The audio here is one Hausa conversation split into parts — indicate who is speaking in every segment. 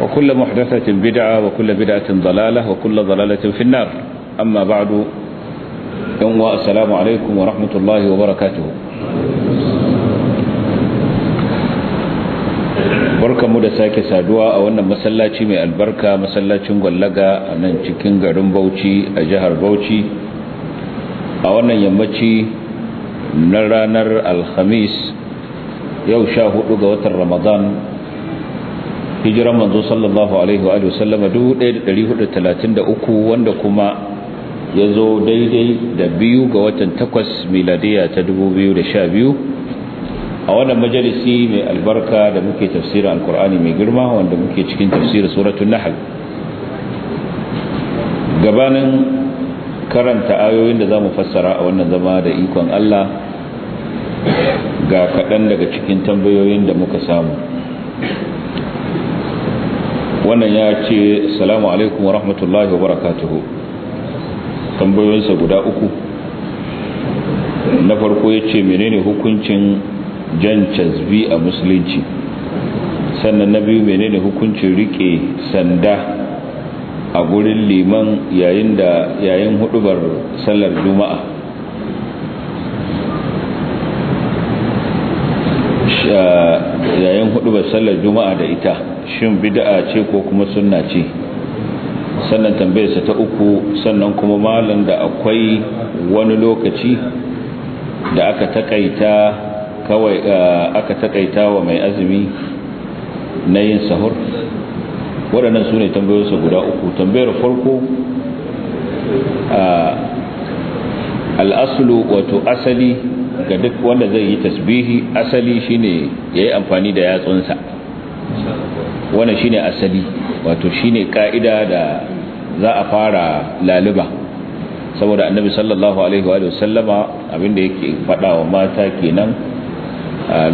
Speaker 1: وكل محدثة بدعة وكل بدعة ضلالة وكل ضلالة في النار أما بعد يوم السلام عليكم ورحمة الله وبركاته barkanmu da sake saduwa a wannan masallaci mai albarka masallacin gwallaga a nan cikin garin bauchi a jihar bauchi a wannan yammaci na ranar alhamis yau sha hudu ga watan ramadan hijiran manzo sallallahu alaihi wa sallama 1433 wanda kuma ya zo daidai da biyu ga watan takwas miladiya ta 2012 a wannan majalisi mai albarka da muke tafsirin alkur'ani mai girma wanda muke cikin tafsirin suratul nahl gabanin karanta ayoyin da zamu fassara a wannan zama da ikon Allah ga kaɗan daga cikin tambayoyin da muka samu wannan ya ce salamu alaikum wa rahmatullahi wa barakatuhu tambayoyinsa guda uku na farko ya ce menene hukuncin jan casbi a musulunci sannan na biyu menene hukuncin rike sanda a gurin liman yayin hudubar sallar juma'a hudubar sallar juma'a da ita shin bid'a ce ko kuma sunna ce sannan tambayarsa ta uku sannan kuma malam da akwai wani lokaci da aka takaita kawai aka takaita wa mai azumi na yin sahur waɗannan su ne tambayoyinsa guda uku tambayar farko al'asulu wato asali ga duk wanda zai yi tasbihi asali shine yayi amfani da yatsunsa wannan shine asali wato shine kaida da za a fara laluba saboda annabi sallallahu alaihi wa sallama abinda yake fadawa mata kenan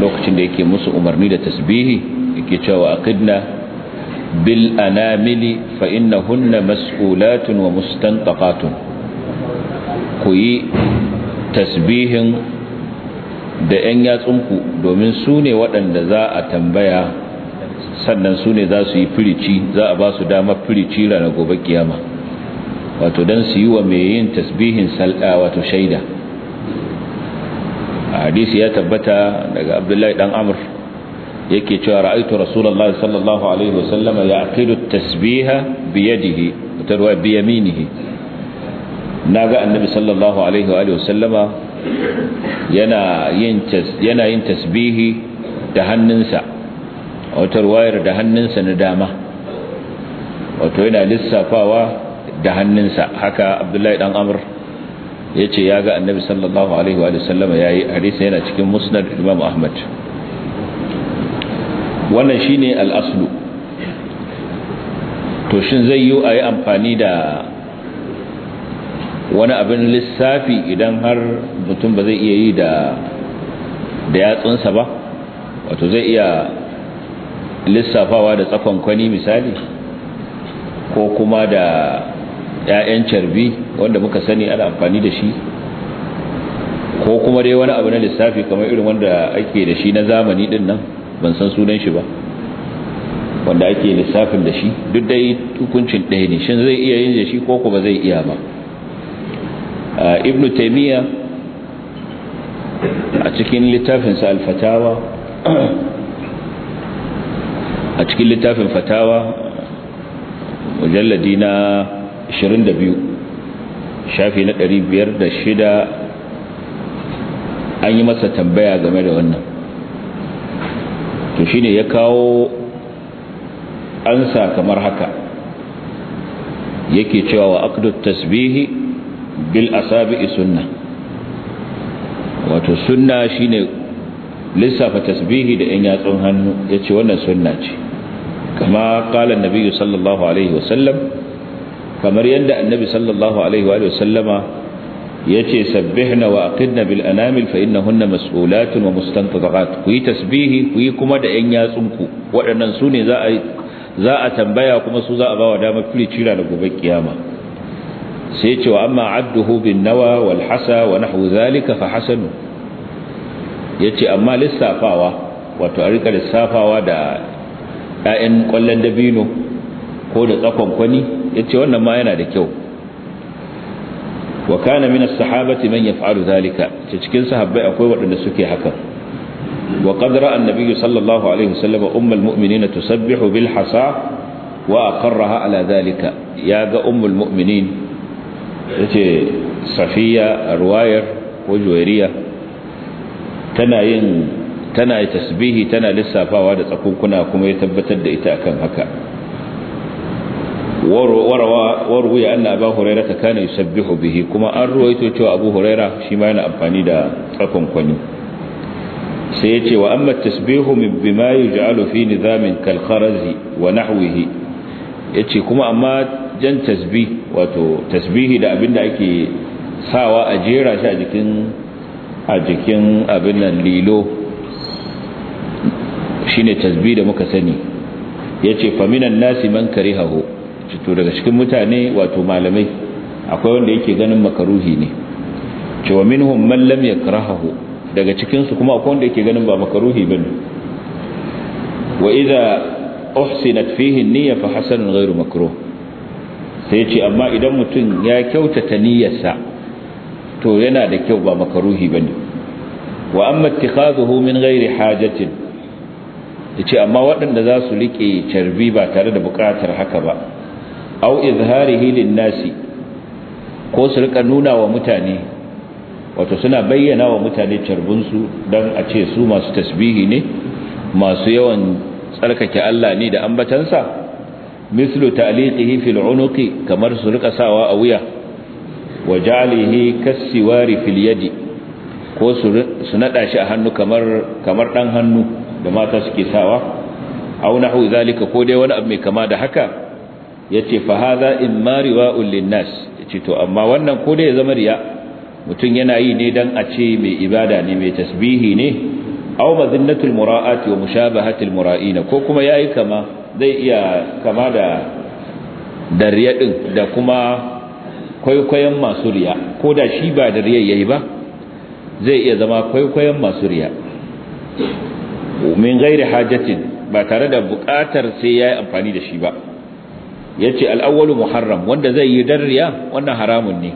Speaker 1: lokacin da yake musu umarni da tasbihi yake cewa aqidna bil anamili fa innahunna mas'ulatun wa mustanqatun ku yi tasbihin da 'yan yatsunku domin su ne waɗanda za a tambaya sannan su ne za su yi firici za a ba su dama firici ranar gobe kiyama wato don su yi wa mai yin tasbihin salɗa wato shaida a hadisi ya tabbata daga abdullahi ɗan amur yake cewa ra'aitu rasulullahi sallallahu alaihi wasallama ya aqidu tasbiha biyadihi ruwa biyaminihi ga annabi sallallahu alaihi wa yana yin tasbihi da hannunsa a wata ruwayar da hannunsa na dama wato yana lissafawa da hannunsa haka abdullahi dan amur ya ce ya ga annabi sallallahu alaihi wa sallama ya yi yana cikin musnad imam ahmad wannan shine al'aslu to shin zai yi a yi amfani da wani abin lissafi idan har mutum ba zai iya yi da da yatsunsa ba wato zai iya lissafawa da tsakon kwani misali ko kuma da 'ya'yan carbi wanda muka sani ana amfani da shi ko kuma dai wani abu na lissafi kamar irin wanda ake da shi na zamani din nan ban san sunan shi ba wanda ake lissafin da shi duk dai hukuncin ɗaya ne shin zai iya yin da shi ko kuma zai iya ba ibn taymiya a cikin littafinsa al a cikin littafin fatawa mujalladi na 22 shafi na 506 an yi masa tambaya game da wannan to shine ya kawo ansa kamar haka yake cewa wa aqdu tasbihi bil asabi'i sunna wato sunna shine lissafa tasbihi da yan yatsun hannu yace wannan sunna ce kama qala annabi sallallahu alaihi wa sallam kamar yadda annabi sallallahu alaihi wa sallama yace sabbihna wa aqidna bil anamil fa innahunna mas'ulatun wa mustantadhat ku yi tasbihi kuyi kuma da yan yatsunku waɗannan su ne za a za a tambaya kuma su za a ba wa damar fili cira da gobe kiyama sai ce wa amma adduhu bin nawa wal hasa wa nahwu zalika fa hasanu yace amma lissafawa wato a rika lissafawa da ɗayan ƙwallon dabino ko da tsakon kwani yace wannan ma yana da kyau wa kana min as-sahabati man yaf'alu zalika ce cikin sahabbai akwai waɗanda suke haka wa qad ra'a an-nabiy sallallahu alaihi wasallam ummul mu'minina tusabbihu bil hasa wa aqarraha ala zalika ya ga ummul mu'minin yace safiya a ruwayar ko juwairiya tana yin tana tasbihi tana lissafawa da tsakunkuna kuma ya tabbatar da ita akan haka warwaya anna abu huraira ta kana yusabbihu bihi kuma an ruwaito cewa abu huraira shi ma yana amfani da tsakunkwani sai ya ce wa amma tasbihu min bima yuj'alu fi nizamin kal kharazi wa nahwihi yace kuma amma jan tasbih wato tasbihi da abinda ake sawa a jera shi a jikin a jikin abin nan lilo shine tasbih da muka sani yace faminan nasi man karihahu to daga cikin mutane wato malamai akwai wanda yake ganin makaruhi ne cewa minhum man lam yakrahahu daga cikin su kuma akwai wanda yake ganin ba makaruhi bane wa idza uhsinat fihi an-niyya fa hasanun ghayru makruh sai ce amma idan mutum ya kyautata niyyarsa to yana da kyau ba makaruhi bane wa amma ittikhazuhu min ghairi hajatin yace amma waɗanda za su rike carbi ba tare da buƙatar haka ba au izharihi lin-nasi ko su rika nuna wa mutane wato suna bayyana wa mutane su dan a ce su masu tasbihi ne masu yawan tsarkake Allah ne da ambatansa mislu ta'liqihi fil unuqi kamar su rika sawa a wuya wa ja'alihi kassiwari fil yadi ko su nada shi a hannu kamar ɗan hannu da mata suke sawa aw nahu zalika ko dai wani abu mai kama da haka yace fa hadha imma riwa'un lin nas yace to amma wannan ko dai ya zama riya mutum yana yi ne dan a ce mai ibada ne mai tasbihi ne aw madinnatul mura'ati wa mushabahatil mura'ina ko kuma yayi kama zai iya kama da dariya din da kuma kwaikwayon masu riya ko da shi ba dariya yayi ba zai iya zama kwaikwayon masu riya min gairi hajati ba tare da buƙatar sai yayi amfani da shi ba yace ce awwalu muharram wanda zai yi darriya wannan haramun ne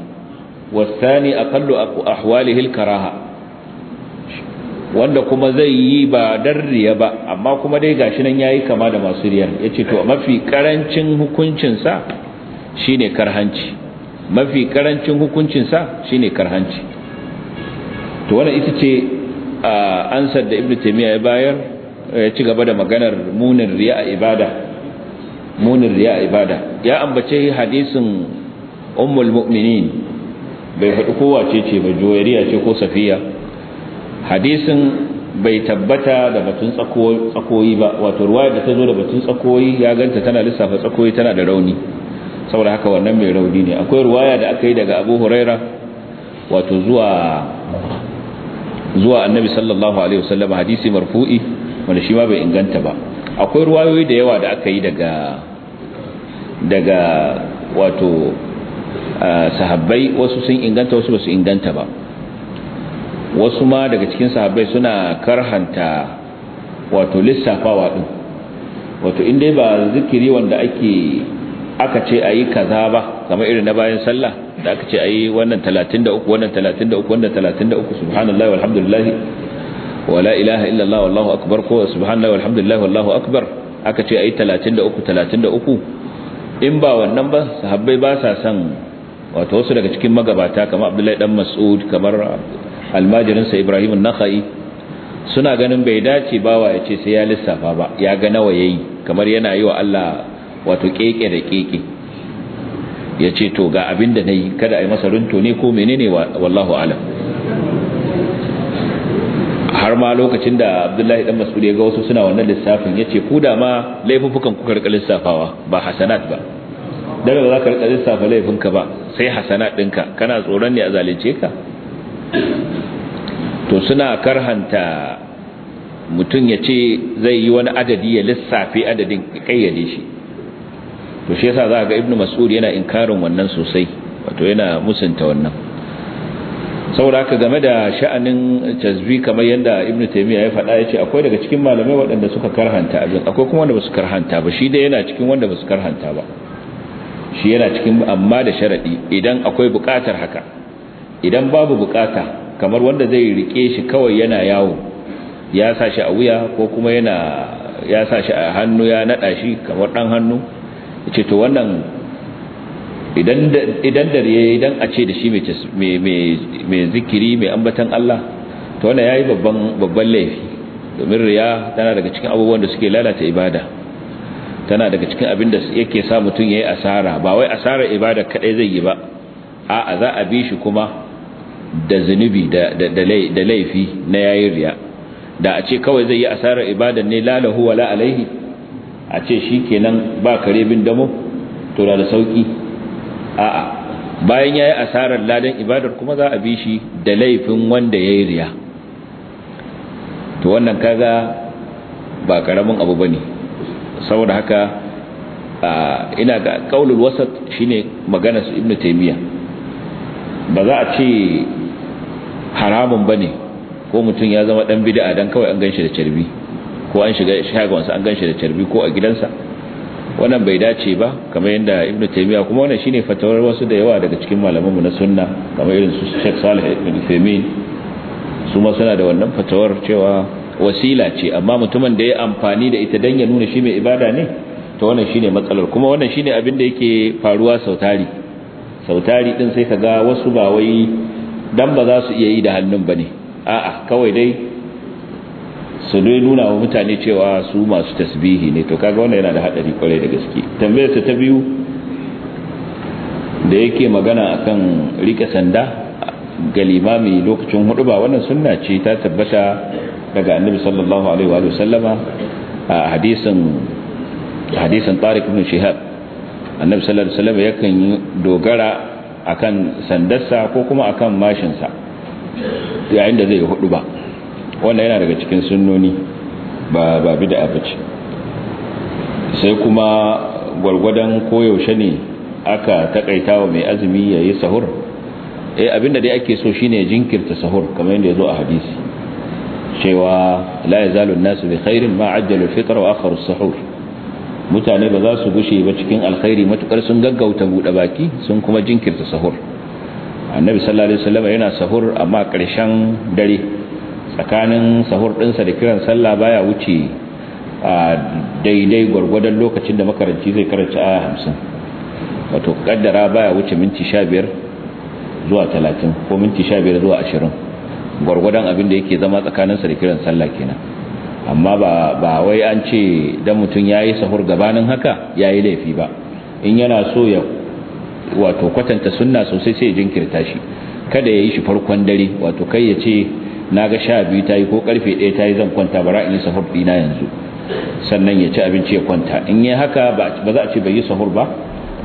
Speaker 1: wasani a kallo al karaha wanda kuma zai yi ba darriya ba amma kuma dai gashi nan yayi kama da masu riyar yace to mafi karancin hukuncin sa shine karhanci mafi karancin hukuncin sa shine karhanci to wannan ita ce ansar da ibnu taymiya ya bayar ya ci gaba da maganar munin riya ibada munin riya ibada ya ambace hadisin ummul mu'minin bai faɗi kowace ce ba joyariya ce ko safiya hadisin bai tabbata da batun tsakoyi ba wato ruwaya da ta zo da batun tsakoyi ya ganta tana lissafa tsakoyi tana da rauni saboda haka wannan mai rauni ne akwai ruwaya da aka yi daga abu huraira wato zuwa zuwa annabi sallallahu alaihi wasallam hadisi marfu'i wanda shi ma bai inganta ba akwai ruwayoyi da yawa da aka yi daga daga wato ah, sahabbai wasu sun inganta wasu basu inganta ba wasu ma daga cikin sahabbai suna karhanta wato lissafawa din wato inda ba zikiri wanda ake aka ce ayi kaza ba kamar irin na bayan sallah da aka ce ayi wannan 33 wannan 33 wannan 33 subhanallahi walhamdulillah wala ilaha allah wallahu akbar ko subhanallahi walhamdulillah wallahu akbar aka ce ayi 33 33 in ba wannan ba sahabbai ba sa son wato wasu daga cikin magabata kamar Abdullahi dan Mas'ud kamar almajirinsa ibrahim nakhai suna ganin bai dace bawa ya ce sai ya lissafa ba ya ga nawa yayi kamar yana yi wa Allah wato keke da keke ya ce to ga abin da nayi kada a yi masa runto ne ko menene wallahu alam har ma lokacin da Abdullahi dan Mas'ud ya ga wasu suna wannan lissafin yace ku da ma laifukan ku karkar lissafawa ba hasanat ba dare ba za ka karkar lissafa laifinka ba sai hasanat ɗinka kana tsoron ne a zalunce ka to suna karhanta mutum ya ce zai yi wani adadi ya lissafi adadin kayyade shi to shi yasa za ga ibnu mas'ud yana inkarin wannan sosai wato yana musunta wannan saboda haka game da sha'anin casbi kamar yadda ibnu taymiya ya faɗa yace akwai daga cikin malamai waɗanda suka karhanta abin akwai kuma wanda basu karhanta ba shi dai yana cikin wanda basu karhanta ba shi yana cikin amma da sharadi idan akwai buƙatar haka idan babu bukata kamar wanda zai rike shi kawai yana yawo ya sa shi a wuya ko kuma yana ya sa shi a hannu ya nada shi kamar dan hannu ce to wannan idan dare idan a ce da shi mai zikiri mai ambatan Allah to wannan ya yi babban laifi domin riya tana daga cikin abubuwan da suke lalata ibada tana daga cikin abin da yake sa mutum ya yi asara ba wai asara ibada kadai zai yi ba A'a za a bi shi kuma da zunubi da laifi na yayin riya da a ce kawai zai yi asarar ibadan ne lalahu wala alaihi a ce shi kenan ba kare bin damo to da sauki a'a bayan yayi asarar ladan ibadar kuma za a bi shi da laifin wanda ya yi riya to wannan kaga ba karamin abu bane ne saboda haka ina ga kaulul wasat shine maganar su ibnu taymiya ba za a ce haramun bane ko mutum ya zama dan bid'a dan kawai an ganshi da carbi ko an shiga shagonsa an ganshi da carbi ko a gidansa wannan bai dace ba kamar yadda ibnu taymiya kuma wannan shine fatawar wasu da yawa daga cikin malaman mu na sunna kamar irin su Sheikh Salih ibn Uthaymeen su ma suna da wannan fatawar cewa wasila ce amma mutumin da ya amfani da ita dan ya nuna shi mai ibada ne to wannan shine matsalar kuma wannan shine abin da yake faruwa sautari sautari din sai kaga wasu ba wai dan ba za su iya yi da hannun ba ne a'a kawai dai su dai nuna wa mutane cewa su masu tasbihi ne to kaga wannan yana da hadari kwarai da gaske tambayar ta biyu da yake magana akan riƙe sanda ga limami lokacin hudu ba wannan sunna ce ta tabbata daga annabi sallallahu alaihi wa sallama a hadisin hadisin ibn Shihab annabi sallallahu alaihi wa sallam yakan dogara akan sandarsa ko kuma akan mashinsa yayin da zai hudu ba wanda yana daga cikin sunnoni ba ba bid'a sai kuma gwargwadon koyaushe ne aka takaita wa mai azumi yayi sahur eh abinda dai ake so shine jinkirta sahur kamar yadda zo a hadisi cewa la yazalu an-nasu bi khairin ma ajjalu al-fitr wa akharu sahur mutane ba za su gushe ba cikin alkhairi matukar sun gaggauta buɗe baki sun kuma jinkirta sahur annabi sallallahu alaihi wasallam yana sahur amma ƙarshen dare tsakanin sahur ɗinsa da kiran sallah baya wuce a daidai gwargwadon lokacin da makaranci zai karanci a hamsin wato kaddara baya wuce minti 15 zuwa 30 ko minti 15 zuwa 20 gwargwadon abin da yake zama tsakanin sa da kiran sallah kenan amma ba wai an ce dan mutum ya yi sahur gabanin haka ya yi laifi ba in yana so ya wato kwatanta sunna sosai sai ya jinkirta shi kada ya yi shi farkon dare wato kai ya ce na ga sha biyu ta yi ko karfe ɗaya ta yi zan kwanta ba in yi sahur ɗina yanzu sannan ya ci abinci ya kwanta in yi haka ba za a ce bai yi sahur ba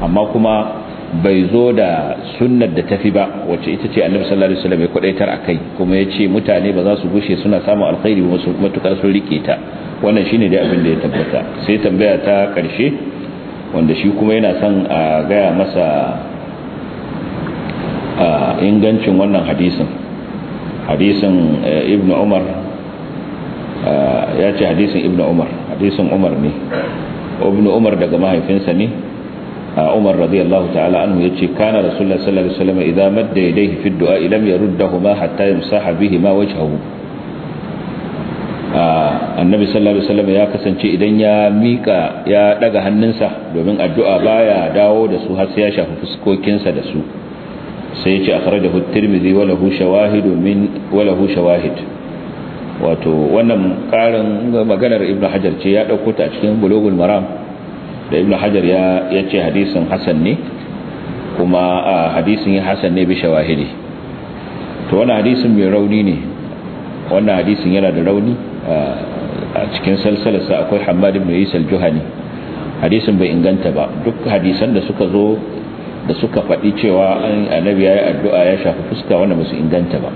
Speaker 1: amma kuma bai zo da sunnar da tafi ba wacce ita ce annabi sallallahu alaihi wasallam ya kwadaitar akai kuma yace mutane ba za su gushe suna samun alkhairi ba su matukar sun rike ta wannan shine dai abin da ya tabbata sai tambaya ta karshe wanda shi kuma yana son a gaya masa ingancin wannan hadisin hadisin eh, ibnu umar ya ce hadisin ibnu umar hadisin umar ne ibnu umar daga mahaifinsa ne umar radiyallahu ta'ala anhu ce kana rasulullah sallallahu alaihi wasallam idza madda yadayhi fi du'a lam yaruddahuma hatta yamsaha bihima wajhahu annabi sallallahu alaihi wasallam ya kasance idan ya mika ya daga hannunsa domin addu'a baya dawo da su har sai ya shafi fuskokinsa da su sai ya ce akhrajahu at-tirmidhi wa lahu shawahid min wa lahu shawahid wato wannan karin maganar ibnu hajar ce ya dauko ta cikin bulugul maram da ibn hajar ya ce hadisin hasan ne kuma hadisin hasan ne bi shawahidi to wannan hadisin mai rauni ne wannan hadisin yana da rauni a cikin salsalarsa akwai hamad ibn isa al-juhani hadisin bai inganta ba duk hadisan da suka zo da suka faɗi cewa annabi ya yi addu'a ya shafi fuska wanda musu inganta ba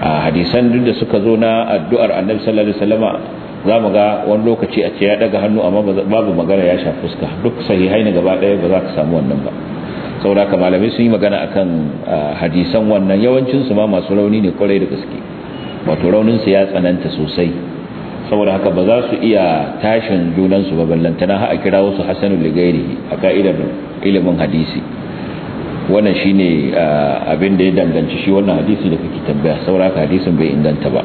Speaker 1: a hadisan duk da suka zo na addu'ar annabi sallallahu alaihi wasallama za mu ga wani lokaci a ce ya daga hannu amma babu magana ya sha fuska duk sahihai ne gaba ɗaya ba za ka samu wannan ba saboda haka malamai sun yi magana a kan hadisan wannan yawancinsu ma masu rauni ne kwarai da gaske wato rauninsu ya tsananta sosai saboda haka ba za su iya tashin junansu ba ballantana ha a kira wasu hasanul ligairi a ka'idar ilimin hadisi wannan shine abin da ya danganci shi wannan hadisi da kake tambaya saboda haka hadisin bai inganta ba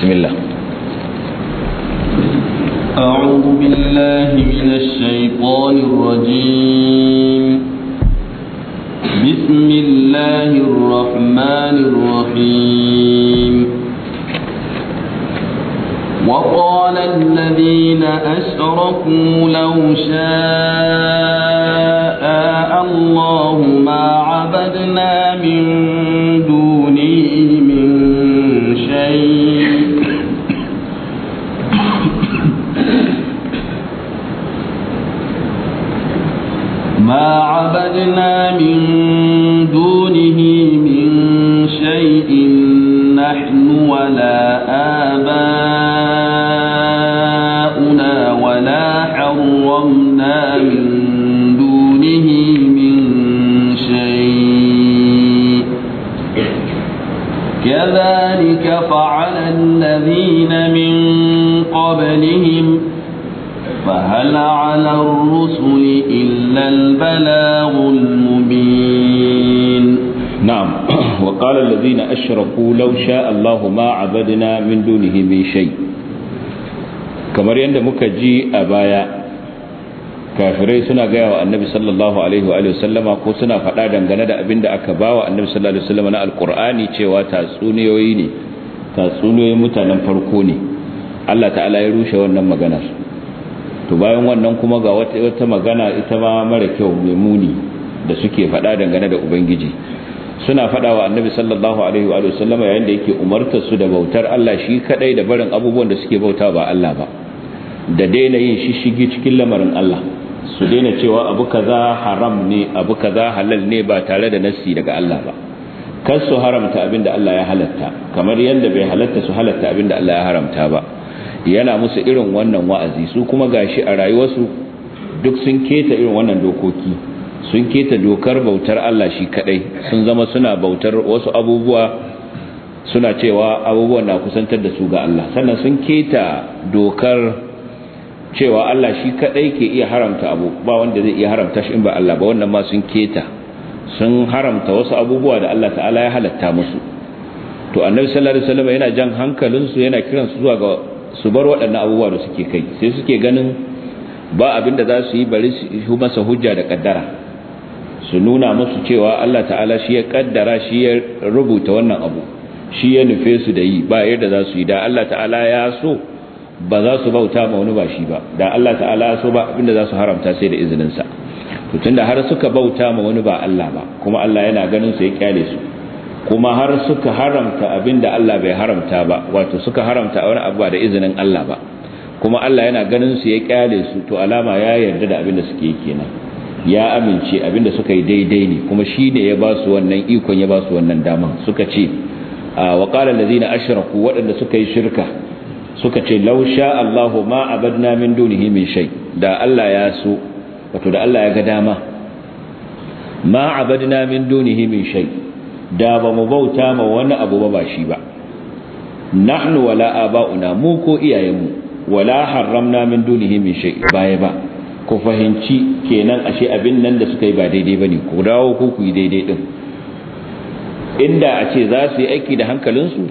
Speaker 1: بسم الله
Speaker 2: أعوذ بالله من الشيطان الرجيم بسم الله الرحمن الرحيم وقال الذين أشركوا لو شاء الله ما عبدنا من عبدنا من دونه من شيء نحن ولا آباؤنا ولا حرمنا من دونه من شيء كذلك فعل الذين من قبلهم فهل على الرسل إلا إلا البلاغ
Speaker 1: المبين نعم وقال الذين أشركوا لو شاء الله ما عبدنا من دونه من شيء kamar yadda muka ji a baya kafirai suna gaya wa annabi sallallahu alaihi wa sallama ko suna faɗa dangane da abinda aka ba wa annabi sallallahu alaihi wa sallama na alkur'ani cewa tatsuniyoyi ne tatsuniyoyin mutanen farko ne Allah ta'ala ya rushe wannan maganar to bayan wannan kuma ga wata magana ita ma mara kyau mai muni da suke faɗa dangane da ubangiji suna faɗawa wa annabi sallallahu alaihi wa sallama yayin da yake umartar su da bautar Allah shi kadai da barin abubuwan da suke bauta ba Allah ba da daina yin shishigi cikin lamarin Allah su daina cewa abu kaza haram ne abu kaza halal ne ba tare da nassi daga Allah ba kar su haramta abin da Allah ya halatta kamar yadda bai halatta su halatta abin da Allah ya haramta ba yana musu irin wannan wa'azi su kuma gashi a rayuwarsu duk sun keta irin wannan dokoki sun keta dokar bautar Allah shi kadai sun zama suna bautar wasu abubuwa suna cewa abubuwan na kusantar da su ga Allah sannan sun keta dokar cewa Allah shi kadai ke iya haramta abu ba wanda zai iya haramta shi in ba Allah ba wannan ma sun keta sun haramta wasu abubuwa da Allah ta'ala ya halatta musu to annabi sallallahu alaihi wasallam yana jan hankalinsu yana kiransu zuwa ga su bar waɗannan abubuwa da suke kai sai suke ganin ba abin da za su yi bari su masa hujja da kaddara su nuna musu cewa Allah ta'ala shi ya kaddara shi ya rubuta wannan abu shi ya nufe su da yi ba yadda za su yi da Allah ta'ala ya so ba za su bauta ma wani ba shi ba da Allah ta'ala ya so ba abin da za su haramta sai da izinin sa to tunda har suka bauta ma wani ba Allah ba kuma Allah yana ganin su ya kyale su kuma har suka haramta abinda Allah bai haramta ba wato suka haramta wani abu da izinin Allah ba kuma Allah yana ganin su ya kyale su to alama ya yarda da abinda suke yi kenan ya amince abinda suka yi daidai ne kuma shine ya ba su wannan ikon ya ba su wannan dama suka ce wa qala allazina ashraku wadanda suka yi shirka suka ce law sha Allahu ma abadna min dunihi min shay da Allah ya so wato da Allah ya ga dama ma abadna min dunihi min shay da ba mu bauta ma wani abu ba ba shi ba nahnu wala aba'una mu ko iyayenmu wala haramna min dunihi min shay baya ba ku fahimci kenan ashe abin nan da suka yi ba daidai bane ku dawo ku ku yi daidai din inda a ce za su yi aiki da hankalinsu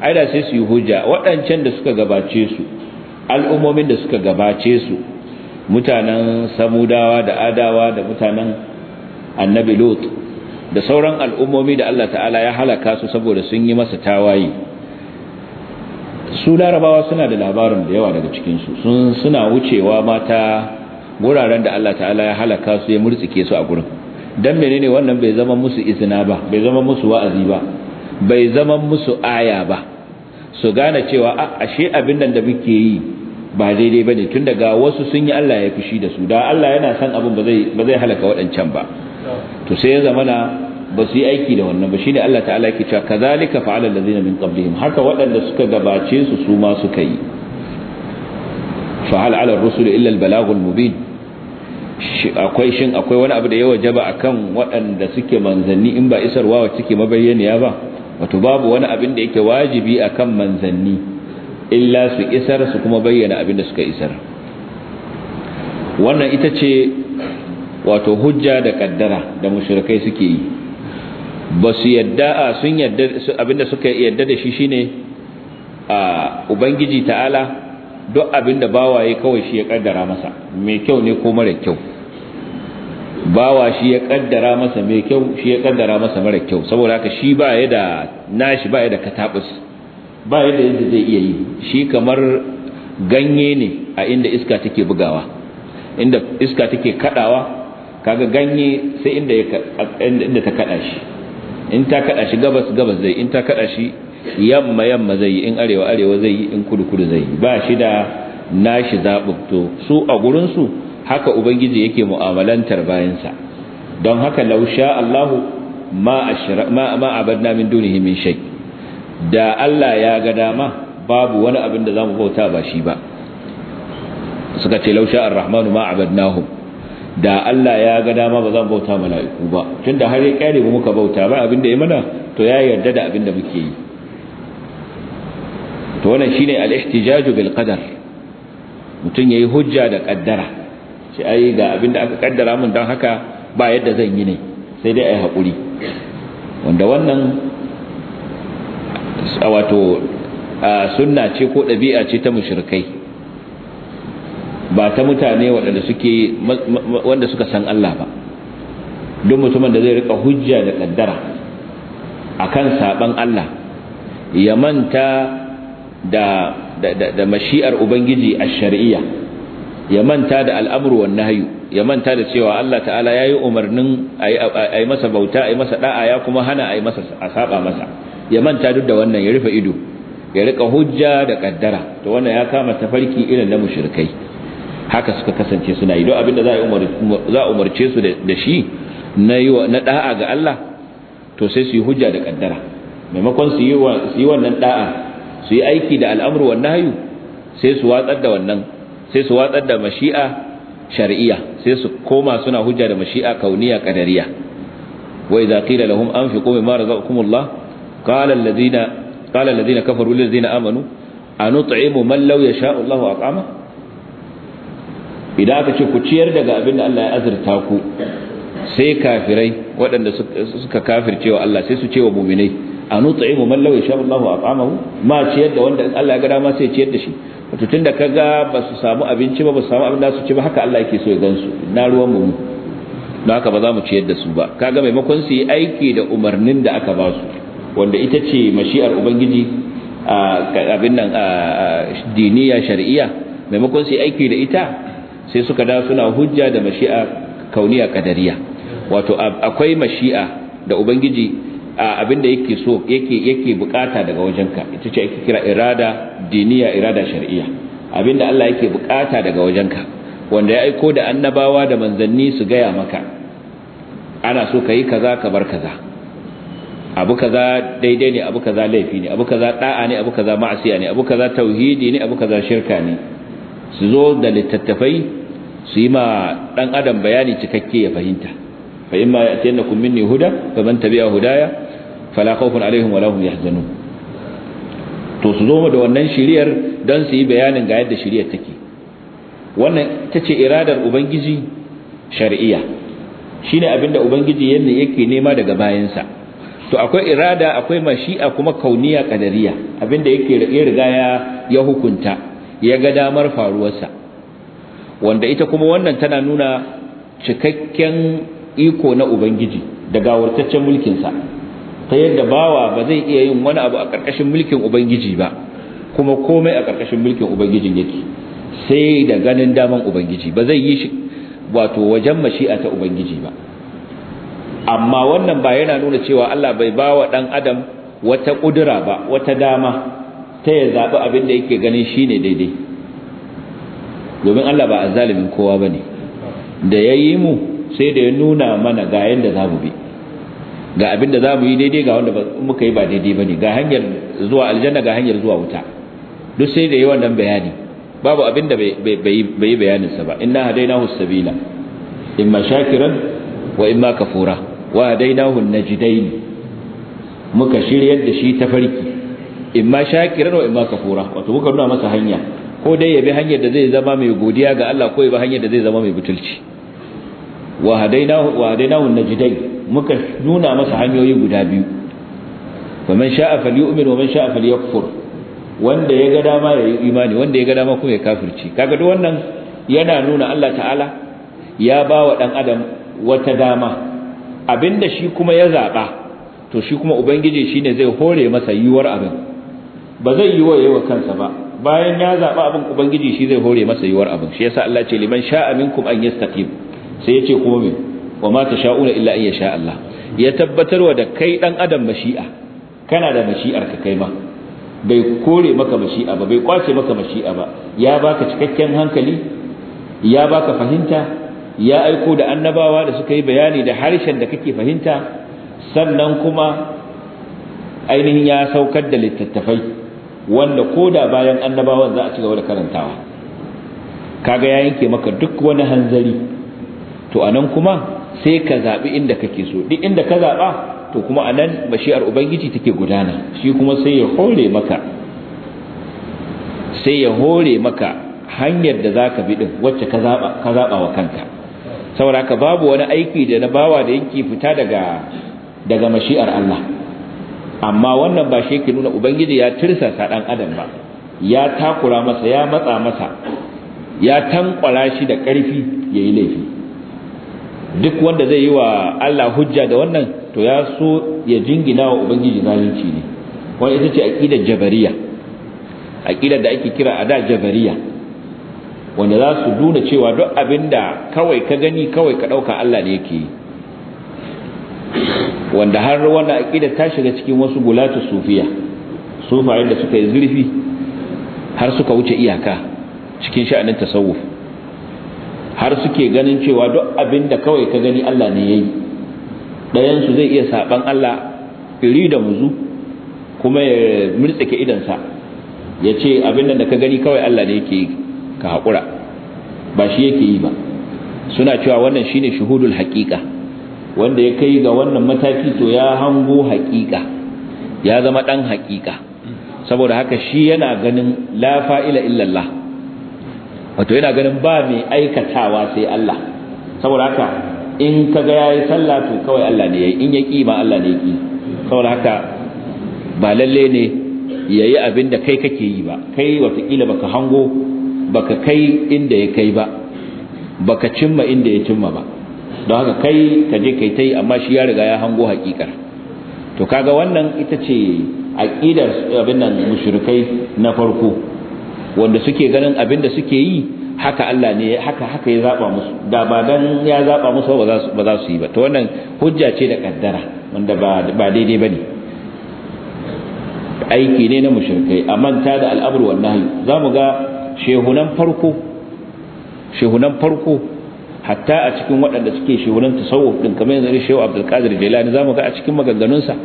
Speaker 1: ai da sai su yi hujja waɗancan da suka gabace su al'ummomin da suka gabace su mutanen samudawa da adawa da mutanen annabi lot da sauran al'ummomi da Allah ta'ala ya halaka su saboda sun yi masa tawaye su larabawa suna da labarin da yawa daga cikinsu sun suna wucewa mata guraren da Allah ta'ala ya halaka su ya murtsike su a gurin Dan menene wannan bai zama musu izina ba bai zama musu wa'azi ba bai zama musu aya ba su gane cewa a ashe abin da muke yi ba daidai ba ne tun daga wasu sun yi Allah ya fushi da su da Allah yana son abin ba zai halaka waɗancan ba to sai ya zamana ba su yi aiki da wannan ba ne Allah ta'ala yake cewa kazalika fa'ala zina min qablihim haka waɗanda suka gabace su su ma suka yi fa 'ala rusul illa al mubin akwai shin akwai wani abu da ya wajaba akan waɗanda suke manzanni in ba isarwa wacce suke mabayyaniya ba wato babu wani abin da yake wajibi akan manzanni illa su isar su kuma bayyana abin da suka isar wannan ita ce wato hujja da kaddara da mushrikai suke yi ba su yadda sun yadda abinda suka yadda da shi shine a ubangiji ta'ala duk abinda bawaye kawai shi ya kaddara masa mai kyau ne ko mara kyau bawa shi ya kaddara masa mai kyau shi ya kaddara masa mara kyau saboda haka shi ba ya da nashi ba ya da katabus ba ya da yadda zai iya yi shi kamar ganye ne a inda iska take bugawa inda iska take kadawa kaga ganye sai inda inda ta kada shi in ta kada shi gabas gabas zai in ta kada shi yamma yamma zai in arewa arewa zai in kudu kudu zai ba shi da nashi zabin to su a gurin su haka ubangiji yake mu'amalantar bayan sa. don haka lausha Allahu ma ashra ma ma abadna min dunihi min shay da Allah ya ga dama babu wani abin da zamu bauta ba shi ba suka ce lausha ar-rahmanu ma abadnahum da Allah ya ga dama ba zan bauta mala'iku ba tunda har ya kare mu muka bauta ba da ya mana to ya yarda da abin da muke yi to wannan shine al-ihtijaju bil qadar mutun yayi hujja da kaddara sai ai ga abin da aka kaddara mun dan haka ba yadda zan yi ne sai dai ai hakuri wanda wannan wato sunna ce ko dabi'a ce ta mushrikai ba ta mutane waɗanda suke wanda suka san Allah ba duk mutumin da zai rika hujja da kaddara akan saban Allah ya manta da da mashi'ar ubangiji a shari'iyya ya manta da al'amru wan nahyu ya manta da cewa Allah ta'ala yi umarnin ayi masa bauta ayi masa da'a ya kuma hana ayi masa asaba masa ya manta duk da wannan ya rufe ido ya rika hujja da ƙaddara to wannan ya kama tafarki irin na mushrikai haka suka kasance suna yi don abinda za a umarce su da shi na da'a ga Allah to sai su yi hujja da kaddara maimakon su yi wannan da'a su yi aiki da al'amru wa nahyu sai su watsar da wannan sai su watsar da mashi'a shar'iyya sai su koma suna hujja da mashi'a kauniya qadariyya wa idza qila lahum anfiqu mimma razaqakumullah qala alladhina qala alladhina kafaru lil ladina amanu anut'imu man law yasha'u Allahu at'ama idan aka ce ku ciyar daga abin da Allah ya azurta ku sai kafirai waɗanda suka kafirce cewa Allah sai su ce wa muminai a nutsa'imu man law yasha Allahu at'amahu ma ciyar da wanda Allah ya ga dama sai ciyar da shi wato tunda kaga ba su samu abinci ba ba su samu abin da su ci ba haka Allah yake so ya gansu na ruwan mu don haka ba za mu ciyar da su ba kaga maimakon su yi aiki da umarnin da aka ba su wanda ita ce mashi'ar ubangiji a abin nan a diniya shar'iyya maimakon su yi aiki da ita sai suka da suna hujja da mashi'a kauniya kadariya wato akwai mashi'a da ubangiji abinda yake so yake yake bukata daga wajenka ita ce ake kira irada diniya irada shar'iyya abinda Allah yake bukata daga wajenka wanda ya aiko da annabawa da manzanni su gaya maka ana so kayi kaza ka bar kaza abu kaza daidai ne abu kaza laifi ne abu kaza da'a ne abu kaza ma'asiya ne abu kaza tauhidi ne abu kaza shirka ne su zo da littattafai su yi ma ɗan adam bayani cikakke ya fahimta fa na ya'tiyannakum ne huda faman tabi'a hudaya fala alaihun alaihim wala ya zanu. to su zo da wannan shiriyar don su yi bayanin ga yadda shiriyar take wannan ita ce iradar ubangiji Shi ne abinda ubangiji yadda yake nema daga bayansa to akwai irada akwai mashi'a kuma kauniya kadariya abinda yake riga ya hukunta ya ga damar faruwarsa wanda ita kuma wannan tana nuna cikakken iko na ubangiji da gawartaccen mulkinsa ta yadda bawa ba zai iya yin wani abu a ƙarƙashin mulkin ubangiji ba kuma komai a ƙarƙashin mulkin ubangijin yake sai da ganin daman ubangiji ba zai yi shi wato wajen mashi'a ta ubangiji ba amma wannan ba yana nuna cewa Allah bai ba wa ɗan adam wata ƙudura ba wata dama ta ya zaɓi abin da yake ganin shi ne daidai domin Allah ba a zalimin kowa ba ne da ya yi mu sai da ya nuna mana ga yadda za mu bi ga abin da za mu yi daidai ga wanda muka yi ba daidai ba ne ga hanyar zuwa aljanna ga hanyar zuwa wuta duk sai da yi wannan bayani babu abin da bai yi bayaninsa ba inna hadainahu sabila imma shakiran wa imma kafura wa hadainahu najidaini muka shiryar da shi ta farki. In ma shakiran wa ma kafura wato muka nuna masa hanya ko dai ya bi hanyar da zai zama mai godiya ga Allah ko ya bi hanyar da zai zama mai butulci wa hadaina wa hadainahu najdai muka nuna masa hanyoyi guda biyu man sha'a falyu'min wa man sha'a falyakfur wanda ya ga dama ya yi imani wanda ya ga dama kuma ya kafirci kaga duk wannan yana nuna Allah ta'ala ya ba wa dan adam wata dama abinda shi kuma ya zaba to shi kuma ubangiji shine zai hore masa yiwar abin ba zai yi wa yawa kansa ba bayan ya zaɓa abin ubangiji shi zai hore masa yiwuwar abin shi yasa Allah ce liman sha'a minkum an yastaqim sai yace kuma me wa ma tasha'una illa an yasha Allah ya tabbatarwa da kai dan adam mashi'a kana da mashi'ar ka kai ma bai kore maka mashi'a ba bai kwace maka mashi'a ba ya baka cikakken hankali ya baka fahimta ya aiko da annabawa da suka yi bayani da harshen da kake fahimta sannan kuma ainihin ya saukar da littattafai wanda ko da bayan annabawan za a ci gaba da karantawa kaga ya yanke maka duk wani hanzari to anan kuma sai ka zabi inda kake so duk inda ka zaba to kuma anan bashi'ar ubangiji take gudana shi kuma sai ya hore maka sai ya hore maka hanyar da zaka bi din wacce ka zaba wa kanka saboda ka babu wani aiki da na bawa da yake fita daga daga mashi'ar Allah amma wannan ba shi yake nuna ubangiji ya tirsasa dan adam ba ya takura masa ya matsa masa ya tankwala shi da ƙarfi ya yi laifi duk wanda zai yi wa Allah hujja da wannan to ya so ya jingina wa ubangiji zalunci ne wani ita ce aqidar jabariya aqidar da ake kira a da jabariya wanda za su duna cewa duk abinda kawai ka gani kawai ka ɗauka Allah ne yake yi wanda har wanda aqida ta shiga cikin wasu gulatu sufiya sufayen da suka yi zurfi har suka wuce iyaka cikin sha'anin tasawuf har suke ganin cewa duk abin da kawai ka gani Allah ne yayi yi. su zai iya saban Allah iri da muzu kuma ya murtsike idansa ya ce abin da ka gani kawai Allah ne yake ka haƙura ba shi yake yi ba suna cewa wannan shine shuhudul haƙiƙa wanda ya kai ga wannan mataki to ya hango haƙiƙa ya zama ɗan haƙiƙa saboda haka shi yana ganin la fa'ila illallah wato yana ganin ba mai aikatawa sai Allah saboda haka in ka ga yayi sallah to kawai Allah ne yayi in ya ki ba Allah ne ya ki saboda haka ba lalle ne yayi abin da kai kake yi ba kai watakila baka hango baka kai inda ya kai ba baka cimma inda ya cimma ba don haka kai ka je kai tai amma shi ya riga ya hango hakikar to kaga wannan ita ce aqidar abin nan mushrikai na farko wanda suke ganin abin da suke yi haka Allah ne haka haka ya zaba musu da ba dan ya zaba musu ba za su yi ba to wannan hujja ce da kaddara wanda ba ba daidai bane aiki ne na mushrikai a manta da al'amru wan za mu ga shehunan farko shehunan farko hatta a cikin waɗanda suke shi wurin tasawuf din kamar yanzu Shehu Abdul Qadir Jilani zamu ga a cikin maganganunsa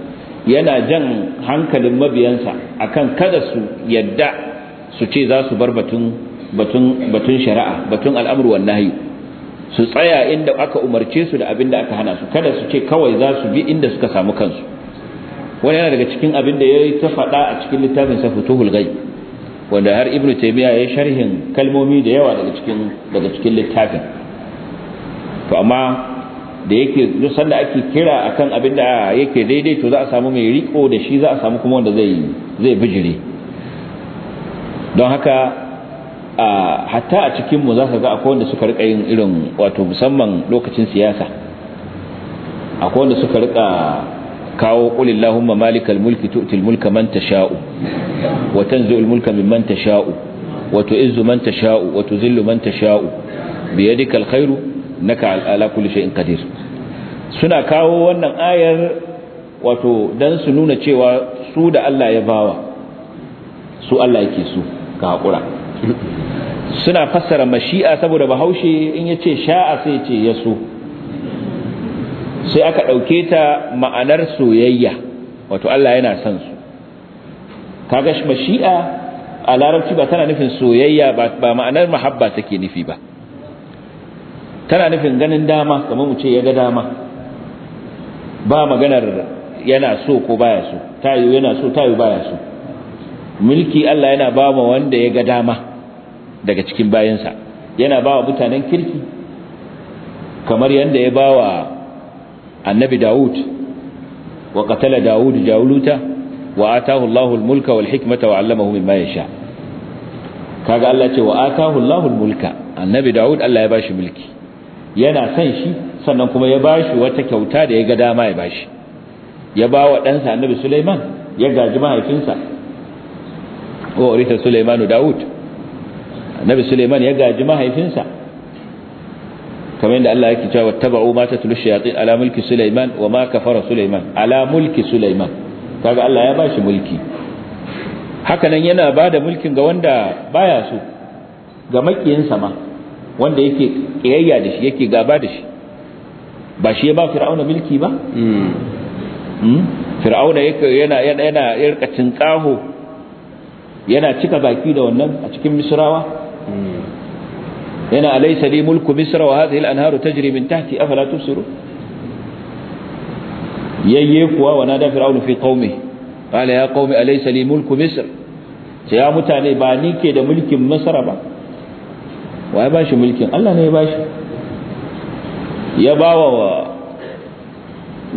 Speaker 1: yana jan hankalin mabiyansa akan kada su yadda su ce za su bar batun batun batun shari'a batun al'amru wan nahyi su tsaya inda aka umarce su da abin da aka hana su kada su ce kawai za su bi inda suka samu kansu wani yana daga cikin abin da ya yi ta faɗa a cikin littafin sa futuhul ghaib wanda har ibnu taymiya ya sharhin kalmomi da yawa daga cikin daga cikin littafin to amma da yake duk sanda ake kira akan abin da yake daidai to za a samu mai riko da shi za a samu kuma wanda zai zai bijire don haka hatta a cikin mu za ka ga akwai wanda suka rika yin irin wato musamman lokacin siyasa akwai wanda suka rika kawo qul illahumma malikal mulki tu'til mulka man tasha'u wa tanzilul mulka mimman tasha'u wa tu'izzu man tasha'u wa tuzillu man tasha'u biyadikal khairu innaka ala kulli shay'in qadir suna kawo wannan ayar wato dan su nuna cewa su da Allah ya bawa su Allah yake su ka hakura suna fassara mashi'a saboda bahaushe in ya ce sha'a sai ce ya so sai aka ɗauke ta ma'anar soyayya wato Allah yana son su kaga mashi'a a larabci ba tana nufin soyayya ba ma'anar mahabba take nufi ba tana nufin ganin dama kamar mu ce ya ga dama ba maganar yana so ko baya so tayo yana so tayo baya so mulki Allah yana ba ma wanda ya ga dama daga cikin bayansa yana ba wa mutanen kirki kamar yadda ya ba wa annabi Dawud wa qatala Dawud jawluta wa atahu Allahu al-mulka wal hikmata wa 'allamahu mimma yasha kaga Allah ce wa atahu Allahu al-mulka annabi Dawud Allah ya bashi mulki yana son shi sannan kuma ya bashi wata kyauta da ya ga dama ya bashi ya ba wa ɗansa annabi Sulaiman ya gaji mahaifinsa ko urita Sulaimanu Dawud annabi Sulaiman ya gaji mahaifinsa kamar yadda Allah yake cewa tabau mata tatlu shayatin ala mulki Sulaiman wa ma kafara Sulaiman ala mulki Sulaiman kaga Allah ya bashi mulki haka nan yana bada mulkin ga wanda baya so ga makiyinsa ma wanda yake kiyayya da shi yake gaba da shi ba shi ya ba fir'auna milki ba
Speaker 3: hmm. Hmm?
Speaker 1: fir'auna yana yana yana yarka tinkaho yana cika baki da wannan a cikin misrawa hmm. yana alaysa li mulku misra wa hadhihi al-anharu tajri min tahti afala tubsiru yayye kuwa wa nada fir'auna fi qaumi qala ya qaumi alaysa li mulku misr sai ya mutane ba ni ke da mulkin misra ba wa ya bashi mulkin Allah ne ya bashi ya bawa wa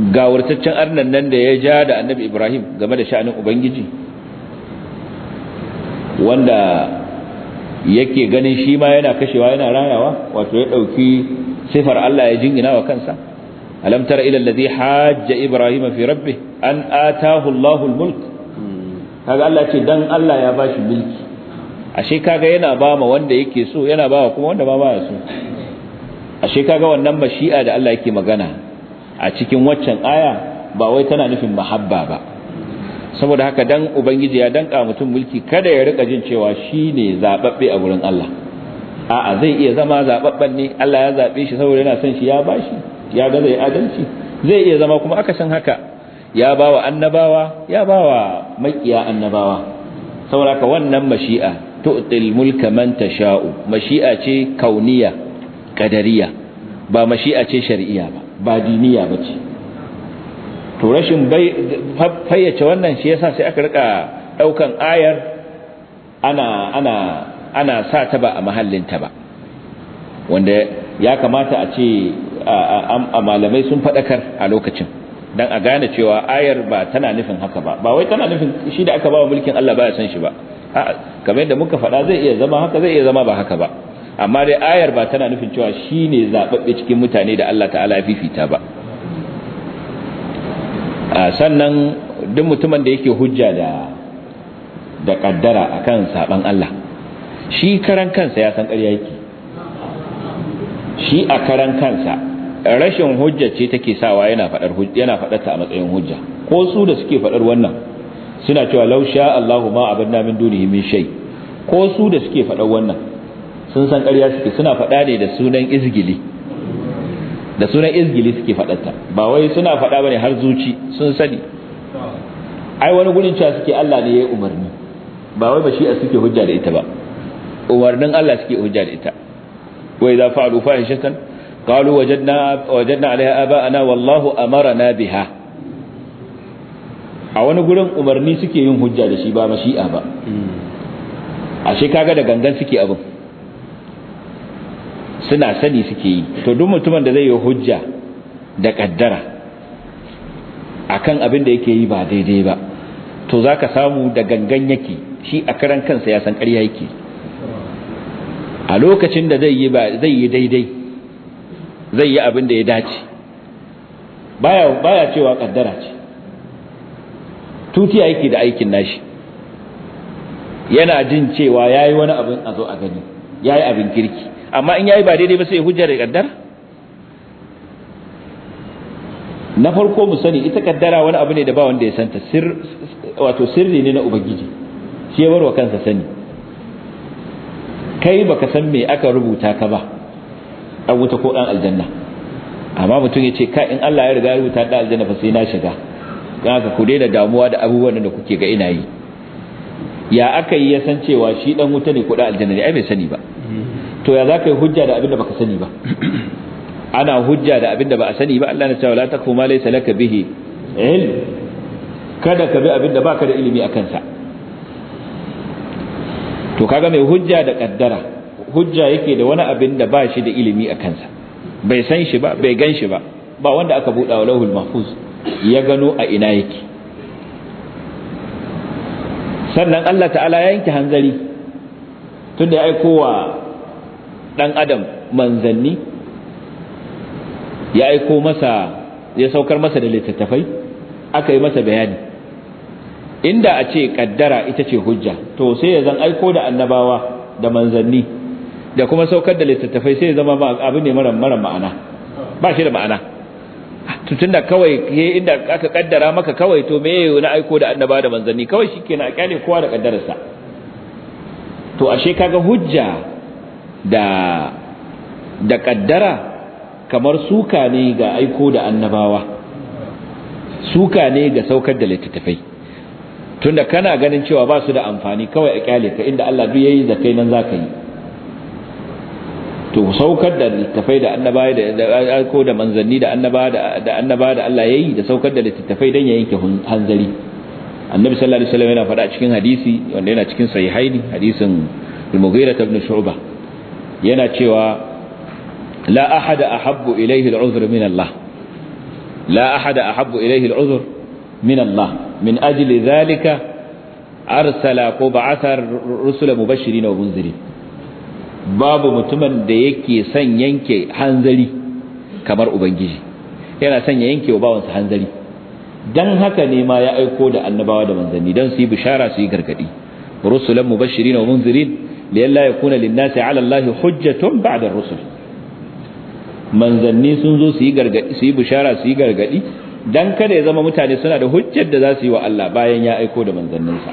Speaker 1: gawurtaccen arnan nan da ya ja da annabi Ibrahim game da sha'anin ubangiji wanda yake ganin shi ma yana kashewa yana rayawa wato ya dauki sifar Allah ya jingina wa kansa alam tara ila haja hajja ibrahima fi rabbih an ataahu mulk hmm. kaga Allah ce dan Allah ya bashi mulki ashe kaga yana ba ma wanda yake so yana ba kuma wanda ba ba so ashe kaga wannan mashi'a da Allah yake magana a cikin waccan aya ba wai tana nufin mahabba ba saboda haka dan ubangiji ya danka mutum mulki kada ya rika jin cewa shine zababbe a gurin Allah a'a zai iya zama zababban ne Allah ya zabe shi saboda yana son shi ya bashi ya ga zai adalci zai iya zama kuma aka san haka ya bawa annabawa ya bawa makiya annabawa saboda haka wannan mashi'a tu'til mulka man tasha'u mashi'a ce kauniya kadariya ba mashi'a ce shar'iyya ba ba diniya bace to rashin fayyace wannan shi yasa sai aka rika daukan ayar ana ana ana sa ta ba a mahallinta ba wanda ya kamata a ce a malamai sun fadakar a lokacin dan a gane cewa ayar ba tana nufin haka ba ba wai tana nufin shi da aka ba wa mulkin Allah ba ya san shi ba kamar yadda muka faɗa zai iya zama haka zai iya zama ba haka ba amma dai ayar ba tana nufin cewa shine zababbe cikin mutane da Allah ta'ala ya fifita ba sannan duk mutumin da yake hujja da da kaddara akan saban Allah shi karan kansa ya san ƙarya yake shi a karan kansa rashin hujja ce take sawa yana yana faɗarta a matsayin hujja ko su da suke faɗar wannan suna cewa law sha Allahu ma abanna min dunihi min shay ko su da suke faɗa wannan sun san ƙarya suke suna faɗa ne da sunan izgili da sunan izgili suke faɗarta ba wai suna faɗa bane har zuci sun sani ai wani gurin cewa suke Allah ne yayi umarni ba wai bashi'a suke hujja da ita ba umarnin Allah suke hujja da ita wa idza fa'alu fahishatan qalu wajadna wajadna 'alayha aba'ana wallahu amarna biha a wani gurin umarni suke yin hujja da shi ba mashi'a ba shi kaga da gangan suke abin suna sani suke yi to duk mutumin da zai yi hujja da kaddara akan abin da yake yi ba daidai ba to zaka samu da gangan yake shi a karan kansa ya san ƙarya yake a lokacin da zai yi ba zai yi daidai zai yi abin da ya dace baya baya cewa kaddara ce tutiya yake da aikin nashi yana jin cewa yayi wani abin a zo a gani yayi abin kirki amma in yayi ba daidai ba sai ya hujjar da kaddar na farko mu sani ita kaddara wani abu ne da ba wanda ya santa sir wato sirri ne na ubangiji shi warwa kansa sani kai baka san me aka rubuta ka ba a wuta ko dan aljanna amma mutum ya ce ka in Allah ya riga ya rubuta dan aljanna fa sai na shiga haka ku daina damuwa da abubuwan da kuke ga ina yi ya aka yi ya san cewa shi dan wuta ne kuɗa aljanna ne ai bai sani ba to ya zaka yi hujja da abin da baka sani ba ana hujja da abin da ba a sani ba Allah na cewa la takfu ma laysa laka bihi ilm kada ka bi abin da baka da ilimi akan sa to kaga mai hujja da kaddara hujja yake da wani abin da ba shi da ilimi akan sa bai san shi ba bai gan shi ba ba wanda aka buɗa wa lahul mahfuz ya gano a ina yake sannan Allah ta'ala ya yanke hanzari tunda ya aiko wa dan adam manzanni ya aiko masa ya saukar masa da littattafai aka yi masa bayani inda a ce kaddara ita ce hujja to sai ya zan aiko da annabawa da manzanni da kuma saukar da littattafai sai ya zama abin ne mara ma'ana ba shi da ma'ana tutun da kawai yayi inda aka kaddara maka kawai to meye wani aiko da annaba da manzanni kawai shikenan a kyale kowa da kaddararsa to ashe kaga hujja da da kaddara kamar suka ne ga aiko da annabawa suka ne ga saukar da littattafai tunda kana ganin cewa ba su da amfani kawai a kyale ka inda Allah duk yayi zakai nan ka yi to saukar da littafai da annaba da ko da manzanni da annaba da annaba da Allah yayi da saukar da littafai dan ya yanke hanzari annabi sallallahu alaihi wasallam yana faɗa cikin hadisi wanda yana cikin sahihaini hadisin al-mughira ibn shu'bah yana cewa la ahada ahabbu ilayhi al-uzr min Allah la ahada ahabbu ilayhi al-uzr min Allah min ajli dhalika arsala ko ba'atha rusula mubashirin wa munzirin babu mutumin da yake son yanke hanzari kamar ubangiji yana son ya yanke wa bawansa hanzari dan haka ne ma ya aiko da annabawa da manzanni dan su yi bishara su yi gargadi rusulan mubashirin wa munzirin liyalla yakuna lin-nasi 'ala Allahi hujjatun ba'da ar-rusul manzanni sun zo su yi gargadi su yi bishara su yi gargadi dan kada ya zama mutane suna da hujjar da za su yi wa Allah bayan ya aiko da manzanninsa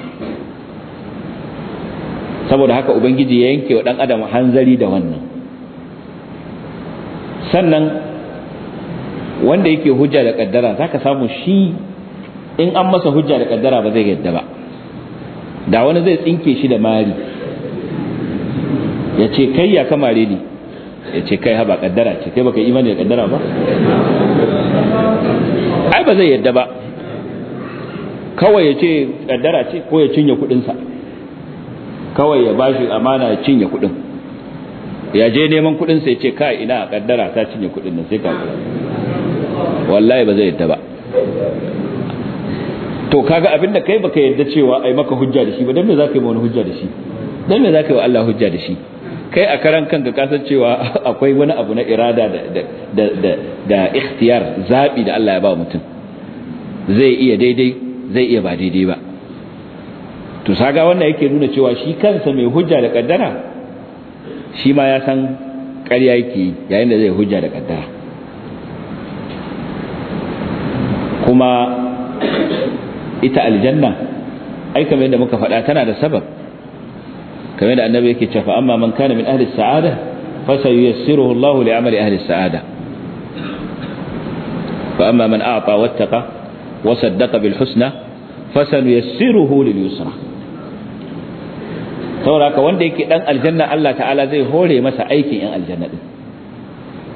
Speaker 1: saboda haka ubangiji ya yanke wa dan adam hanzari da wannan sannan wanda yake hujja da kaddara zaka samu shi in an masa hujja da kaddara ba zai yadda ba da wani zai tsinke shi da mari ya ce kai ya kamare redi ya ce kai haba kaddara ce kai baka imani da kaddara ba ai ba zai yadda ba kawai ya ce kaddara ce ko ya cinye kudinsa kawai ya bashi amana ya cinye kuɗin ya je neman kudin sai ce kai ina a kaddara ta cinye kuɗin nan sai ka wallahi ba zai yadda ba to kaga abinda kai baka yadda cewa ai maka hujja da shi ba dan me zaka yi wani hujja da shi dan me zaka yi wa Allah hujja da shi kai a karan kanka ka san cewa akwai wani abu na irada da da da da ikhtiyar zabi da Allah ya ba mutum zai iya daidai zai iya ba daidai ba to saga wannan yake nuna cewa shi kansa mai hujja da kaddara shi ma ya san ƙarya yake yayin da zai hujja da kaddara kuma ita aljanna ai kamar yadda muka faɗa tana da sabab kamar yadda annabi yake cewa amma man kana min ahli sa'ada fa sayyassiruhu Allah li amali ahli sa'ada fa amma man a'ta wattaqa wa saddaqa bil husna fa sanyassiruhu lil yusra saboda haka wanda yake dan aljanna Allah ta'ala zai hore masa aikin yan aljanna din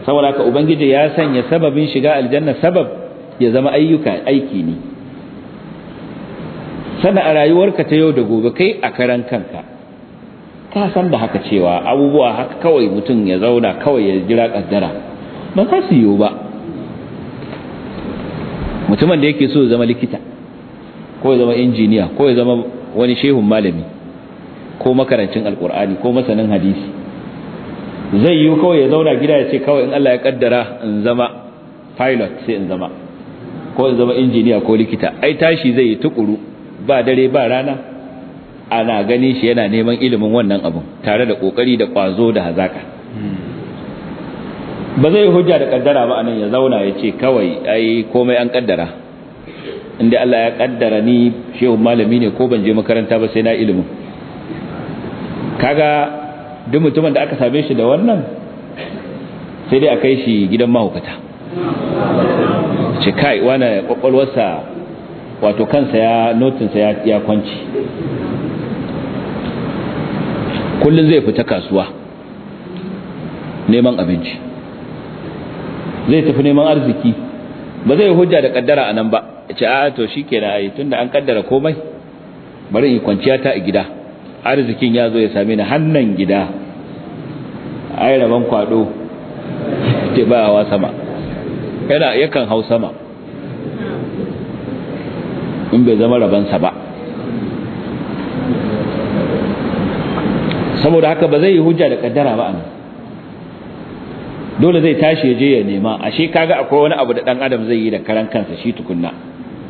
Speaker 1: saboda haka ubangiji ya sanya sababin shiga aljanna sabab ya zama ayyuka aiki ne sana a rayuwarka ta yau da gobe kai a karan kanka ka san da haka cewa abubuwa haka kawai mutum ya zauna kawai ya jira kaddara ba za su yiwu ba mutumin da yake so ya zama likita ko ya zama injiniya ko ya zama wani shehun malami ko makarancin alkur'ani ko masanin hadisi zai yi kawai ya zauna gida ya ce kawai in Allah ya kaddara in zama pilot sai in zama ko in zama injiniya ko likita ai tashi zai yi tukuru ba dare ba rana ana gani shi yana neman ilimin wannan abun tare da kokari da kwazo da hazaka ba zai hujja da kaddara ba anan ya zauna ya ce kawai ai komai an kaddara inda Allah ya kaddara ni shehu malami ne ko ban je makaranta ba sai na ilimin kaga duk mutumin da aka same shi da wannan sai dai a kai shi gidan mahaukata ce kai wani kwakwalwarsa wato kansa ya notinsa ya kwanci kullum zai fita kasuwa neman abinci zai tafi neman arziki ba zai hujja da kaddara a nan ba ce a to shi ke na tun da an kaddara komai bari yi kwanciya ta a gida arzikin ya zo ya sami ni hannan gida ai raban kwado ke ba wa sama yana yakan hau sama in bai zama rabansa ba saboda haka ba zai yi hujja da kaddara ba anan dole zai tashi ya je ya nema ashe kaga akwai wani abu da dan adam zai yi da karan kansa shi tukunna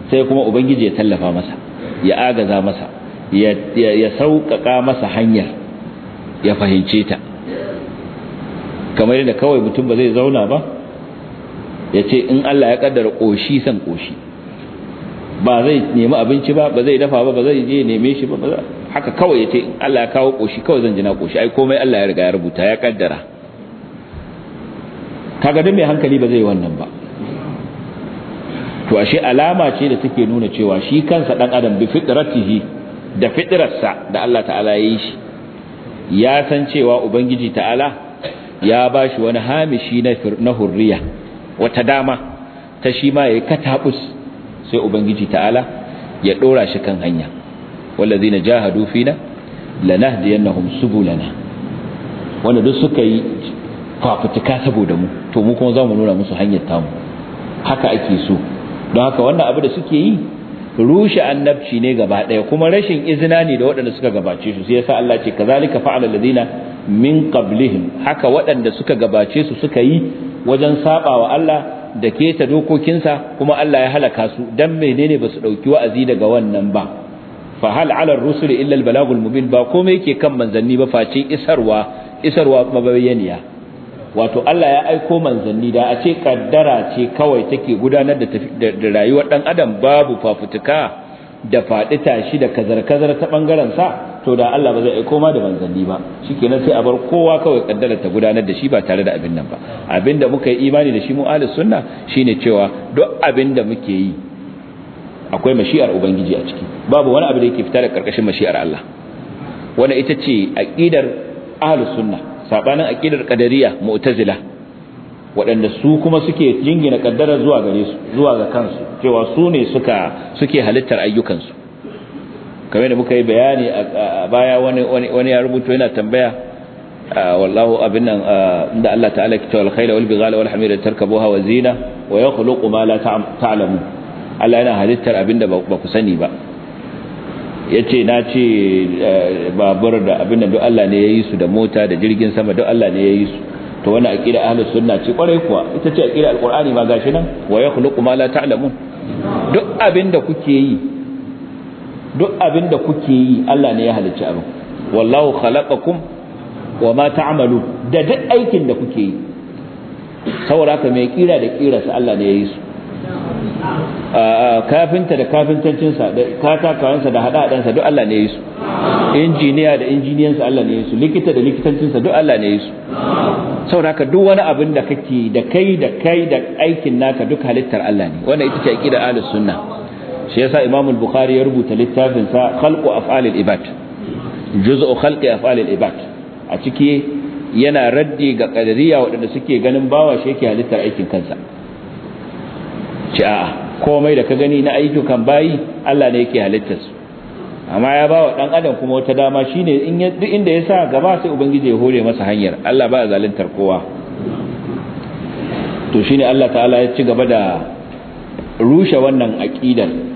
Speaker 1: sai kuma ubangiji ya tallafa masa ya agaza masa ya sauƙaƙa masa hanyar ya fahimce ta kamar yadda kawai mutum ba zai zauna ba ya ce in Allah ya kaddara ƙoshi san ƙoshi ba zai nemi abinci ba ba zai dafa ba ba zai je neme shi ba haka kawai ya ce in Allah ya kawo ƙoshi kawai zan jina ƙoshi ai komai Allah ya riga ya rubuta ya kaddara kaga duk mai hankali ba zai wannan ba to ashe alama ce da take nuna cewa shi kansa dan adam bi fitratihi da fitirarsa da Allah ta'ala ya yi shi ya san cewa ubangiji ta'ala ya ba shi wani hamishi na hurriya wata dama ta shi ma ya yi kataɓus sai ubangiji ta'ala ya ɗora shi kan hanya wallazi na jahadu fina lanahdiyannahum subulana wanda duk suka yi fafutuka saboda mu to mu kuma za mu nuna musu hanyar tamu haka ake so don haka wannan abu da suke yi rushe annabci ne gaba ɗaya kuma rashin izina ne da waɗanda suka gabace su sai yasa Allah ce kazalika fa'ala alladhina min qablihim haka waɗanda suka gabace su suka yi wajen sabawa Allah da keta dokokinsa kuma Allah ya halaka su dan menene ba su dauki wa'azi daga wannan ba fa hal 'ala ar-rusul illa al-balagul mubin ba komai yake kan manzanni ba face isarwa isarwa mabayaniya wato Allah ya aiko manzanni da a ce kaddara ce kawai take gudanar da rayuwar dan adam babu fafutuka da faɗi tashi da kazar-kazar ta bangaren sa to da Allah ba zai aiko ma da manzanni ba kenan sai a bar kowa kawai kaddara ta gudanar da shi ba tare da abin nan ba abinda muka yi imani da shi mu ahlus sunna shine cewa duk abinda muke yi akwai mashi'ar ubangiji a ciki babu wani abu da yake fita da karkashin mashi'ar Allah wannan ita ce aqidar ahlus sunna sabanin aqidar qadariyya mu'tazila waɗanda su kuma suke jingina kaddara zuwa gare su zuwa ga kansu cewa su ne suka suke halittar ayyukansu kamar da muka yi bayani a baya wani wani ya rubuta yana tambaya wallahu abin nan inda Allah ta'ala kita wal khayla wal bighala wal hamira tarkabuha wa zina wa yakhluqu ma la ta'lamu Allah yana halittar abinda ba ku sani ba ya ce na ce eh, babur da abin da duk Allah ne ya yi su da mota da jirgin sama duk Allah ne ya yi su to wani aƙida ahalus sunna ce kwarai kuwa ita ce aƙida alƙur'ani ma gashi nan wa ya khuluqu ma la ta'lamun duk abin da kuke yi duk abin da kuke yi Allah ne ya halicci abin wallahu khalaqakum wa ma ta'malu da duk aikin da kuke yi saboda ka mai kira da kira sa Allah ne ya yi su kafinta da kafintancinsa da katakawansa da haɗaɗansa duk Allah ne ya yi su injiniya da injiniyansa Allah ne ya yi su likita da likitancinsa duk Allah ne ya yi su sauraka duk wani abin da kake da kai da kai da aikin naka duk halittar Allah ne wannan ita ce aqida ahlus sunna shi yasa Imam bukhari ya rubuta littafin sa khalqu af'alil ibad juz'u khalqi af'alil ibad a ciki yana raddi ga qadariya waɗanda suke ganin bawa shi yake halittar aikin kansa ce a'a komai da ka gani na ayyukan bayi Allah ne yake halittar su amma ya bawa dan adam kuma wata dama shine in duk inda ya sa gaba sai ubangiji ya hore masa hanyar Allah ba zaluntar kowa to shine Allah ta'ala ya ci gaba da rushe wannan aqidan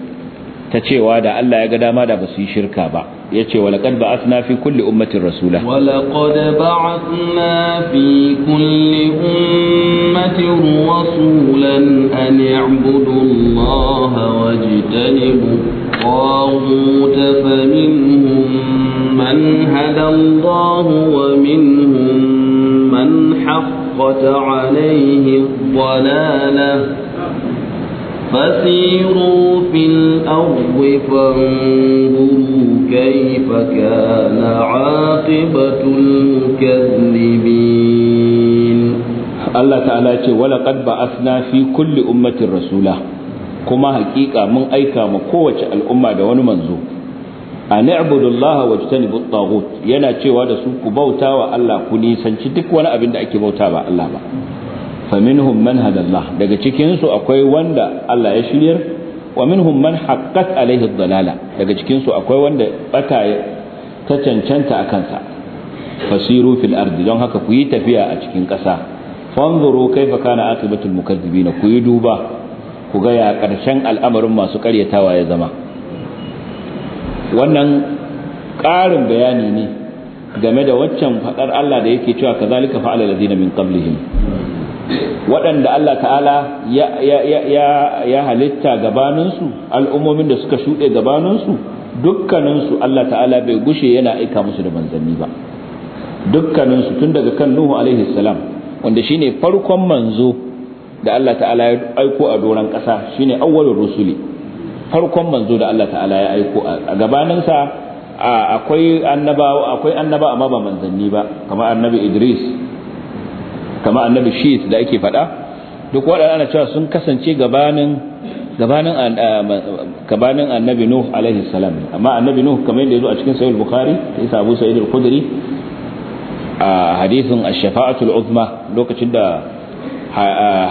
Speaker 1: ta cewa da Allah ya ga dama da basu yi shirka ba yace walaqad ba'athna fi kulli ummatin rasula
Speaker 2: walaqad ba'athna fi kulli ummatin rasulan an ya'budu allaha wajtanibu الطاغوت فمنهم من هدى الله ومنهم من حقت عليه الضلاله فسيروا في الأرض فانظروا كيف كان
Speaker 1: عاقبة المكذبين الله تعالى ولقد بعثنا في كل أمة رسولا كما حقيقة من أيكا مقوة الأمة دون منزو أن اعبد الله واجتنب الطاغوت ينا تشي وهذا بوتا وألا كنيسا تشتك وأنا أبن أكي بوتا الله faminhum man hadallah daga cikin su akwai wanda Allah ya shiryar wa minhum man haqqat alaihi daga cikin su akwai wanda bata ta cancanta a kansa fasiru fil ardi don haka ku yi tafiya a cikin ƙasa fanzuru kaifa kana aqibatul mukazzibina ku yi duba ku ga ya ƙarshen al'amarin masu ƙaryatawa ya zama wannan ƙarin bayani ne game da waccan faɗar Allah da yake cewa kazalika fa'ala ladina min qablihim waɗanda Allah ta'ala ya halitta gabaninsu al'ummomin da suka shuɗe gabaninsu dukkaninsu Allah ta'ala bai gushe yana aika musu da manzanni ba dukkaninsu tun daga kan Nuhu alaihi salam wanda shine farkon manzo da Allah ta'ala ya aiko a doron ƙasa shine awwalur rusuli farkon manzo da Allah ta'ala ya aiko a gabaninsa akwai annabawa akwai annaba amma ba manzanni ba kamar annabi Idris kama annabi shi da ake faɗa duk waɗannan ana cewa sun kasance gabanin gabanin gabanin annabi nuh alaihi salam amma annabi nuh kamar yadda yazo a cikin sahih bukhari da isa abu sa'id al-khudri a hadisin ash-shafa'atu al-uzma lokacin da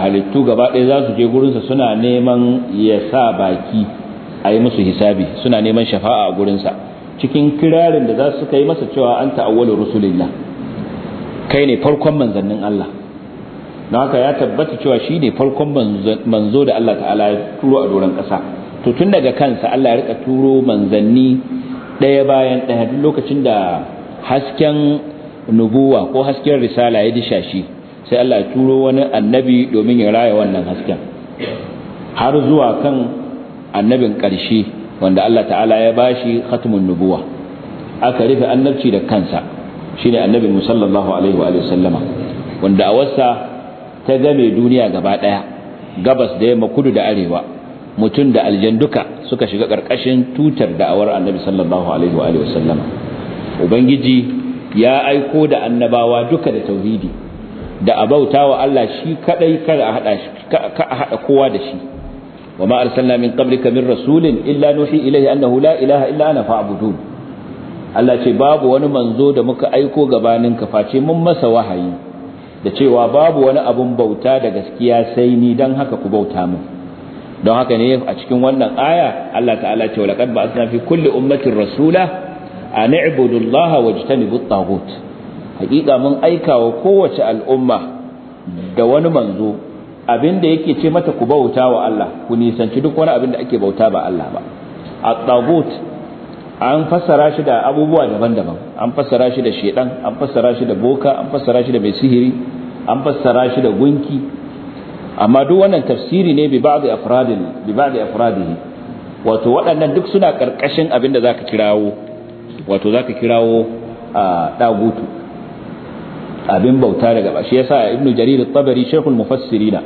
Speaker 1: halittu gaba ɗaya za su je gurinsa suna neman ya sa baki a yi musu hisabi suna neman shafa'a a gurinsa cikin kirarin da za su kai masa cewa an ta'awwalu rusulillah kai ne farkon manzannin Allah don haka ya tabbata cewa shi ne farkon manzo da Allah ta'ala ya turo a doron ƙasa to tun daga kansa Allah ya rika turo manzanni ɗaya bayan ɗaya duk lokacin da hasken nubuwa ko hasken risala ya disha shi sai Allah ya turo wani annabi domin ya raya wannan hasken har zuwa kan annabin ƙarshe wanda Allah ta'ala ya shi khatmun nubuwa aka rufe annabci da kansa shine annabi musallallahu alaihi wa sallama wanda a wasa ta game duniya gaba daya gabas da yamma kudu da arewa mutum da aljan duka suka shiga karkashin tutar da'awar annabi sallallahu alaihi wa sallama. ubangiji ya aiko da annabawa duka da tauhidi da abautawa Allah shi kadai kada a hada shi ka hada kowa da shi وما أرسلنا من قبلك من رسول إلا نوحي إليه أنه لا إله إلا أنا فاعبدون Allah ce babu wani manzo da muka aiko gabaninka face mun masa wahayi da cewa babu wani abun bauta da gaskiya sai ni don haka ku bauta min don haka ne a cikin wannan aya Allah ta'ala ce wa laqad ba'athna fi kulli ummatin rasula an i'budu Allah ni at-taghut hakika mun aika wa kowace al'umma da wani manzo abinda yake ce mata ku bauta wa Allah ku nisanci duk wani abin da ake bauta ba Allah ba at-taghut an fassara shi da abubuwa daban-daban an fassara shi da shedan an fassara shi da boka an fassara shi da mai sihiri an fassara shi da gunki amma duk wannan tafsiri ne bi ba'di afradin bi ba'di afradihi wato waɗannan duk suna karkashin abin da zaka kirawo wato zaka kirawo a dagutu abin bauta daga ba shi yasa ibnu jarir at-tabari shaykhul mufassirina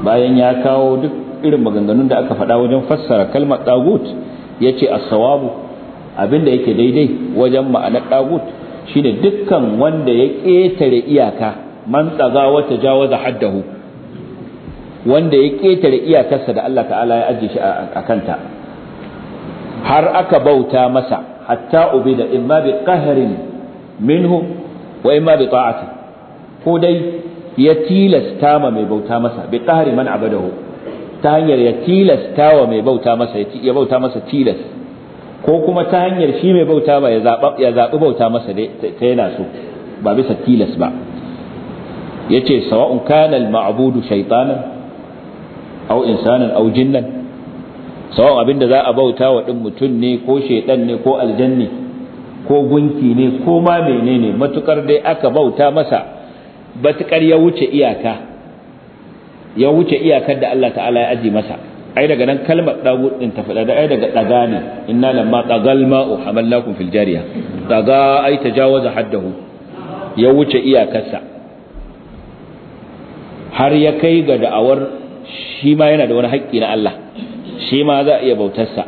Speaker 1: bayan ya kawo duk irin maganganun da aka faɗa wajen fassara kalmar dagut yace as-sawabu abin da yake daidai wajen ma'anar dagut shine dukkan wanda ya ƙetare iyaka man tsaga wa tajawaza haddahu wanda ya ketare iyakarsa da Allah ta'ala ya ajiye shi a kanta har aka bauta masa hatta ubida imma bi qahrin minhu wa imma bi ta'ati ko dai ya tilasta ma mai bauta masa bi qahri man abadahu ta hanyar ya tilasta wa mai bauta masa ya bauta masa tilas ko kuma ta hanyar shi mai bauta ba ya zaɓi bauta masa ta yana so ba bisa tilas ba yace sawa'un Kanal ma'abudu, mabudu shaytanan insanan aw jinnan sawa'un abinda za a bauta wa ɗin mutum ne ko shaydan ne ko aljanni ko gunki ne ko ma menene matukar dai aka bauta masa batukar ya wuce iyaka ya wuce iyakar da Allah ta'ala ya aji masa ai daga nan kalmar dawud din ta fada ai daga daga ne inna lamma tagal ma'u hamallakum fil jariya daga ai tajawaza haddahu ya wuce iyakarsa har ya kai ga da'awar shi ma yana da wani haƙƙi na Allah shi ma za a iya bautarsa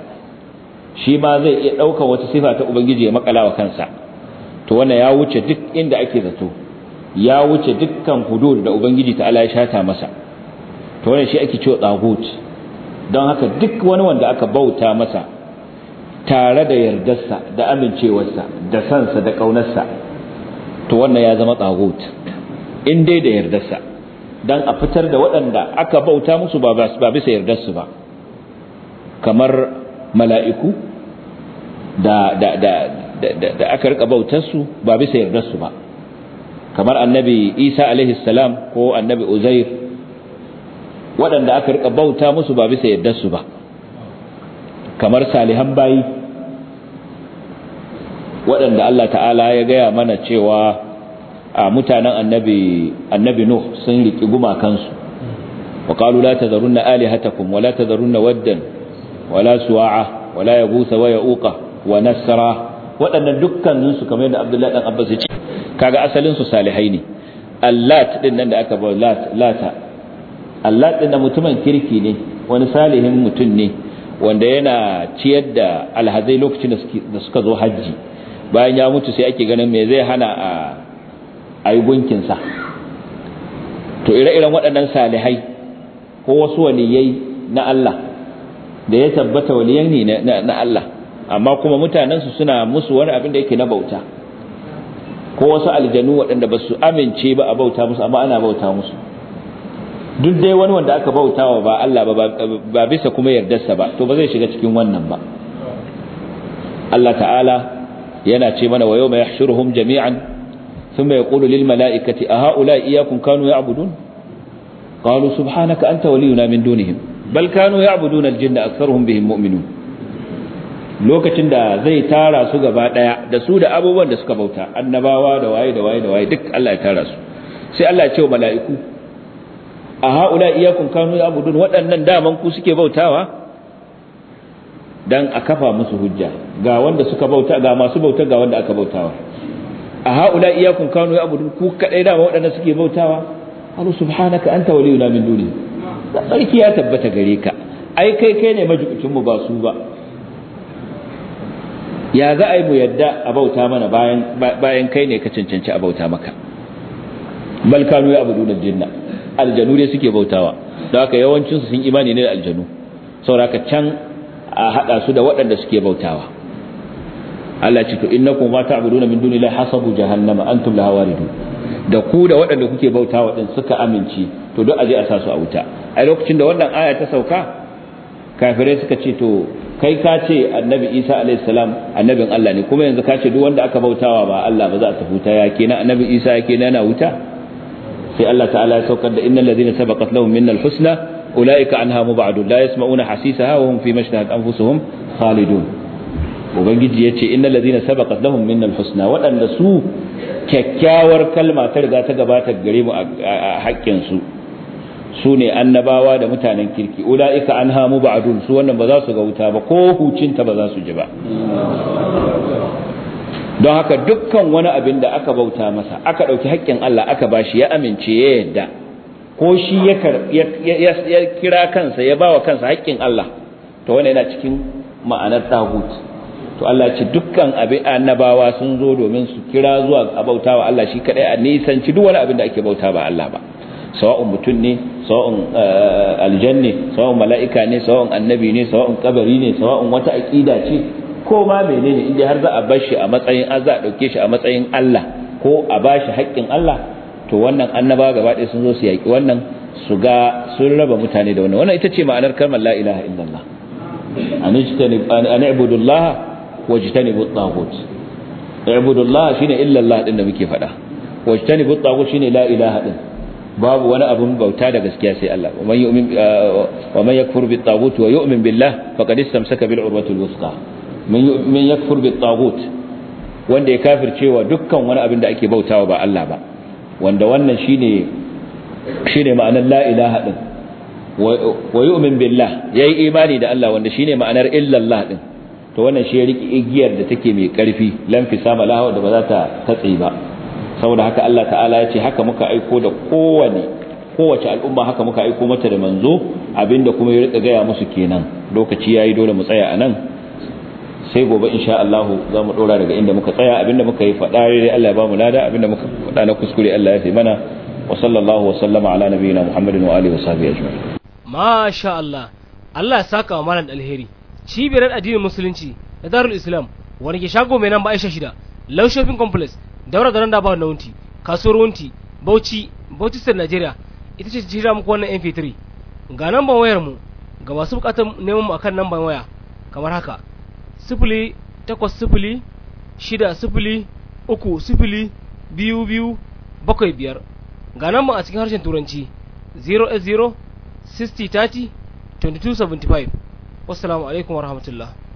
Speaker 1: shi ma zai iya ɗaukar wata sifa ta ubangiji ya makala wa kansa to wannan ya wuce duk inda ake zato ya wuce dukkan hudud da ubangiji ta ta'ala ya shata masa to wannan shi ake cewa tsagut don haka duk wani wanda aka bauta masa tare da yardarsa da amincewarsa da sansa da ƙaunarsa to wannan ya zama tsagut in dai da yardarsa dan a fitar da waɗanda aka bauta musu ba bisa yardarsu ba kamar mala'iku da da da da aka rika bautarsu ba bisa yardarsu ba kamar annabi isa alaihi salam ko annabi uzair waɗanda aka rika bauta musu ba bisa yardarsu ba kamar salihan bayi waɗanda Allah ta'ala ya gaya mana cewa a mutanen annabi annabi nuh sun riki gumakansu wa qalu la tadharunna alihatakum wa la tadharunna waddan wa la suwa'a wa la yaghutha wa yauqa wa nasra waɗannan dukkanin su kamar yadda abdullahi dan abbas ya ce kaga asalin su salihai ne allat din nan da aka ba lat lata allat din da mutumin kirki ne wani salihin mutum ne wanda yana ciyar da alhazai lokacin da suka zo hajji bayan ya mutu sai ake ganin me zai hana a a yi gunkinsa to ire-iren waɗannan salihai ko wasu waliyai na Allah da ya tabbata waliyan ne na Allah amma kuma mutanensu suna musu wani abin da yake na bauta ko wasu aljanu waɗanda ba su amince ba a bauta musu amma ana bauta musu duk dai wani wanda aka bautawa ba Allah ba bisa kuma yardarsa ba to ba zai shiga cikin wannan ba Allah ta'ala yana ce mana wa yawma yahshuruhum jami'an ثم يقول للملائكة أهؤلاء إياكم كانوا يعبدون قالوا سبحانك أنت ولينا من دونهم بل كانوا يعبدون الجن أكثرهم بهم مؤمنون lokacin da zai tara su gaba daya da su da abubuwan da suka bauta annabawa da waye da waye da waye duk Allah ya tara su sai Allah ya ce wa mala'iku a haula iyakun kanu ya abudun waɗannan daman ku suke bautawa dan a kafa musu hujja ga wanda suka bauta ga masu bauta ga wanda aka bautawa a haula iyakun kanu ya abudu ku kadai da waɗanda suke bautawa Allah subhanaka anta waliyuna min duni sarki ya tabbata gare ka ai kai kai ne majukucin mu ba su ba ya za a yi mu yadda a bauta mana bayan bayan kai ne ka cancanci a bauta maka bal kanu ya abudun jinna aljanu ne suke bautawa don haka yawancin su sun imani ne da aljanu saboda can a hada su da waɗanda suke bautawa Allah ce to innakum ma ta'buduna min dunillahi hasabu jahannama antum laha waridun da ku da waɗanda kuke bauta din suka amince to duk aje a sa su a wuta a lokacin da wannan aya ta sauka kafirai suka ce to kai ka ce annabi Isa alaihi salam annabin Allah ne kuma yanzu ka ce duk wanda aka bautawa ba Allah ba za a tafi wuta ya kenan annabi Isa ya kenan yana wuta sai Allah ta'ala ya saukar da innal ladina sabaqat lahum minnal husna ulaika anha mubadun la yasma'una hasisaha wa hum fi mashnahat anfusuhum khalidun ubangiji ya ce innal ladina sabaqat lahum minna alhusna waɗanda su kyakkyawar kalma ta riga ta gabata gare mu a haƙƙin su su ne annabawa da mutanen kirki ula'ika an hamu ba'dun su wannan ba za su ga wuta ba ko hucinta ba za su ji ba don haka dukkan wani abin da aka bauta masa aka ɗauki haƙƙin Allah aka bashi ya amince ya yadda ko shi ya kira kansa ya bawa kansa haƙƙin Allah to wannan yana cikin ma'anar tagut to Allah ce dukkan abin annabawa sun zo domin su kira zuwa a bautawa Allah shi kadai a nisanci duk wani abin da ake bauta ba Allah ba sawa'un mutum ne sawa'un eh, aljanni. sawa'un mala'ika ne sawa'un annabi ne sawa'un kabari ne sawa'un wata aqida ce ko ma menene inda har za a bashi a matsayin a a dauke shi a matsayin Allah ko a bashi haƙƙin Allah to wannan annabawa gaba ɗaya sun zo su yaƙi wannan su ga sun raba mutane da wannan wannan ita ce ma'anar kalmar la ilaha illallah an an wajtanibu at-taghut ibudullah shine illa Allah din da muke faɗa wajtanibu at-taghut shine la ilaha din babu wani abun bauta da gaskiya sai Allah wa man yu'min uh, wa man yakfur bit-taghut wa yu'min billah faqad istamsaka bil urwatil wuthqa man yakfur bit-taghut wanda ya kafircewa dukkan wani abin da ake bautawa ba Allah ba wanda wannan shine shine ma'anar la ilaha din wa yu'min billah yayi imani da Allah wanda shine ma'anar illallah din to wannan shi ya riƙe igiyar da take mai ƙarfi lamfi sama lahawa da ba za ta tatse ba saboda haka Allah ta'ala ya ce haka muka aiko da kowane kowace al'umma haka muka aiko mata da manzo abinda kuma ya riƙa gaya musu kenan lokaci yayi dole mu tsaya anan. sai gobe insha Allah za mu dora daga inda muka tsaya abinda muka yi faɗa dai Allah ya ba mu lada abinda muka faɗa na kuskure Allah ya fi mana wa sallallahu wa sallama ala nabiyina Muhammadin wa alihi wa sahbihi ajma'in masha Allah Allah ya saka wa malam alheri cibiyar addinin musulunci da darul islam wani ke shago mai nan ba aisha shida low shopping complex daura da ba na wunti kasuwar wunti bauchi bauchi sir nigeria ita ce jira muku wannan mp3 ga namban wayar mu ga masu bukatar neman mu akan namban waya kamar haka sifili takwas shida sifili uku sifili biyu biyu bakwai biyar ga namban a cikin harshen turanci 0 0 60 30 22 75 والسلام عليكم ورحمة الله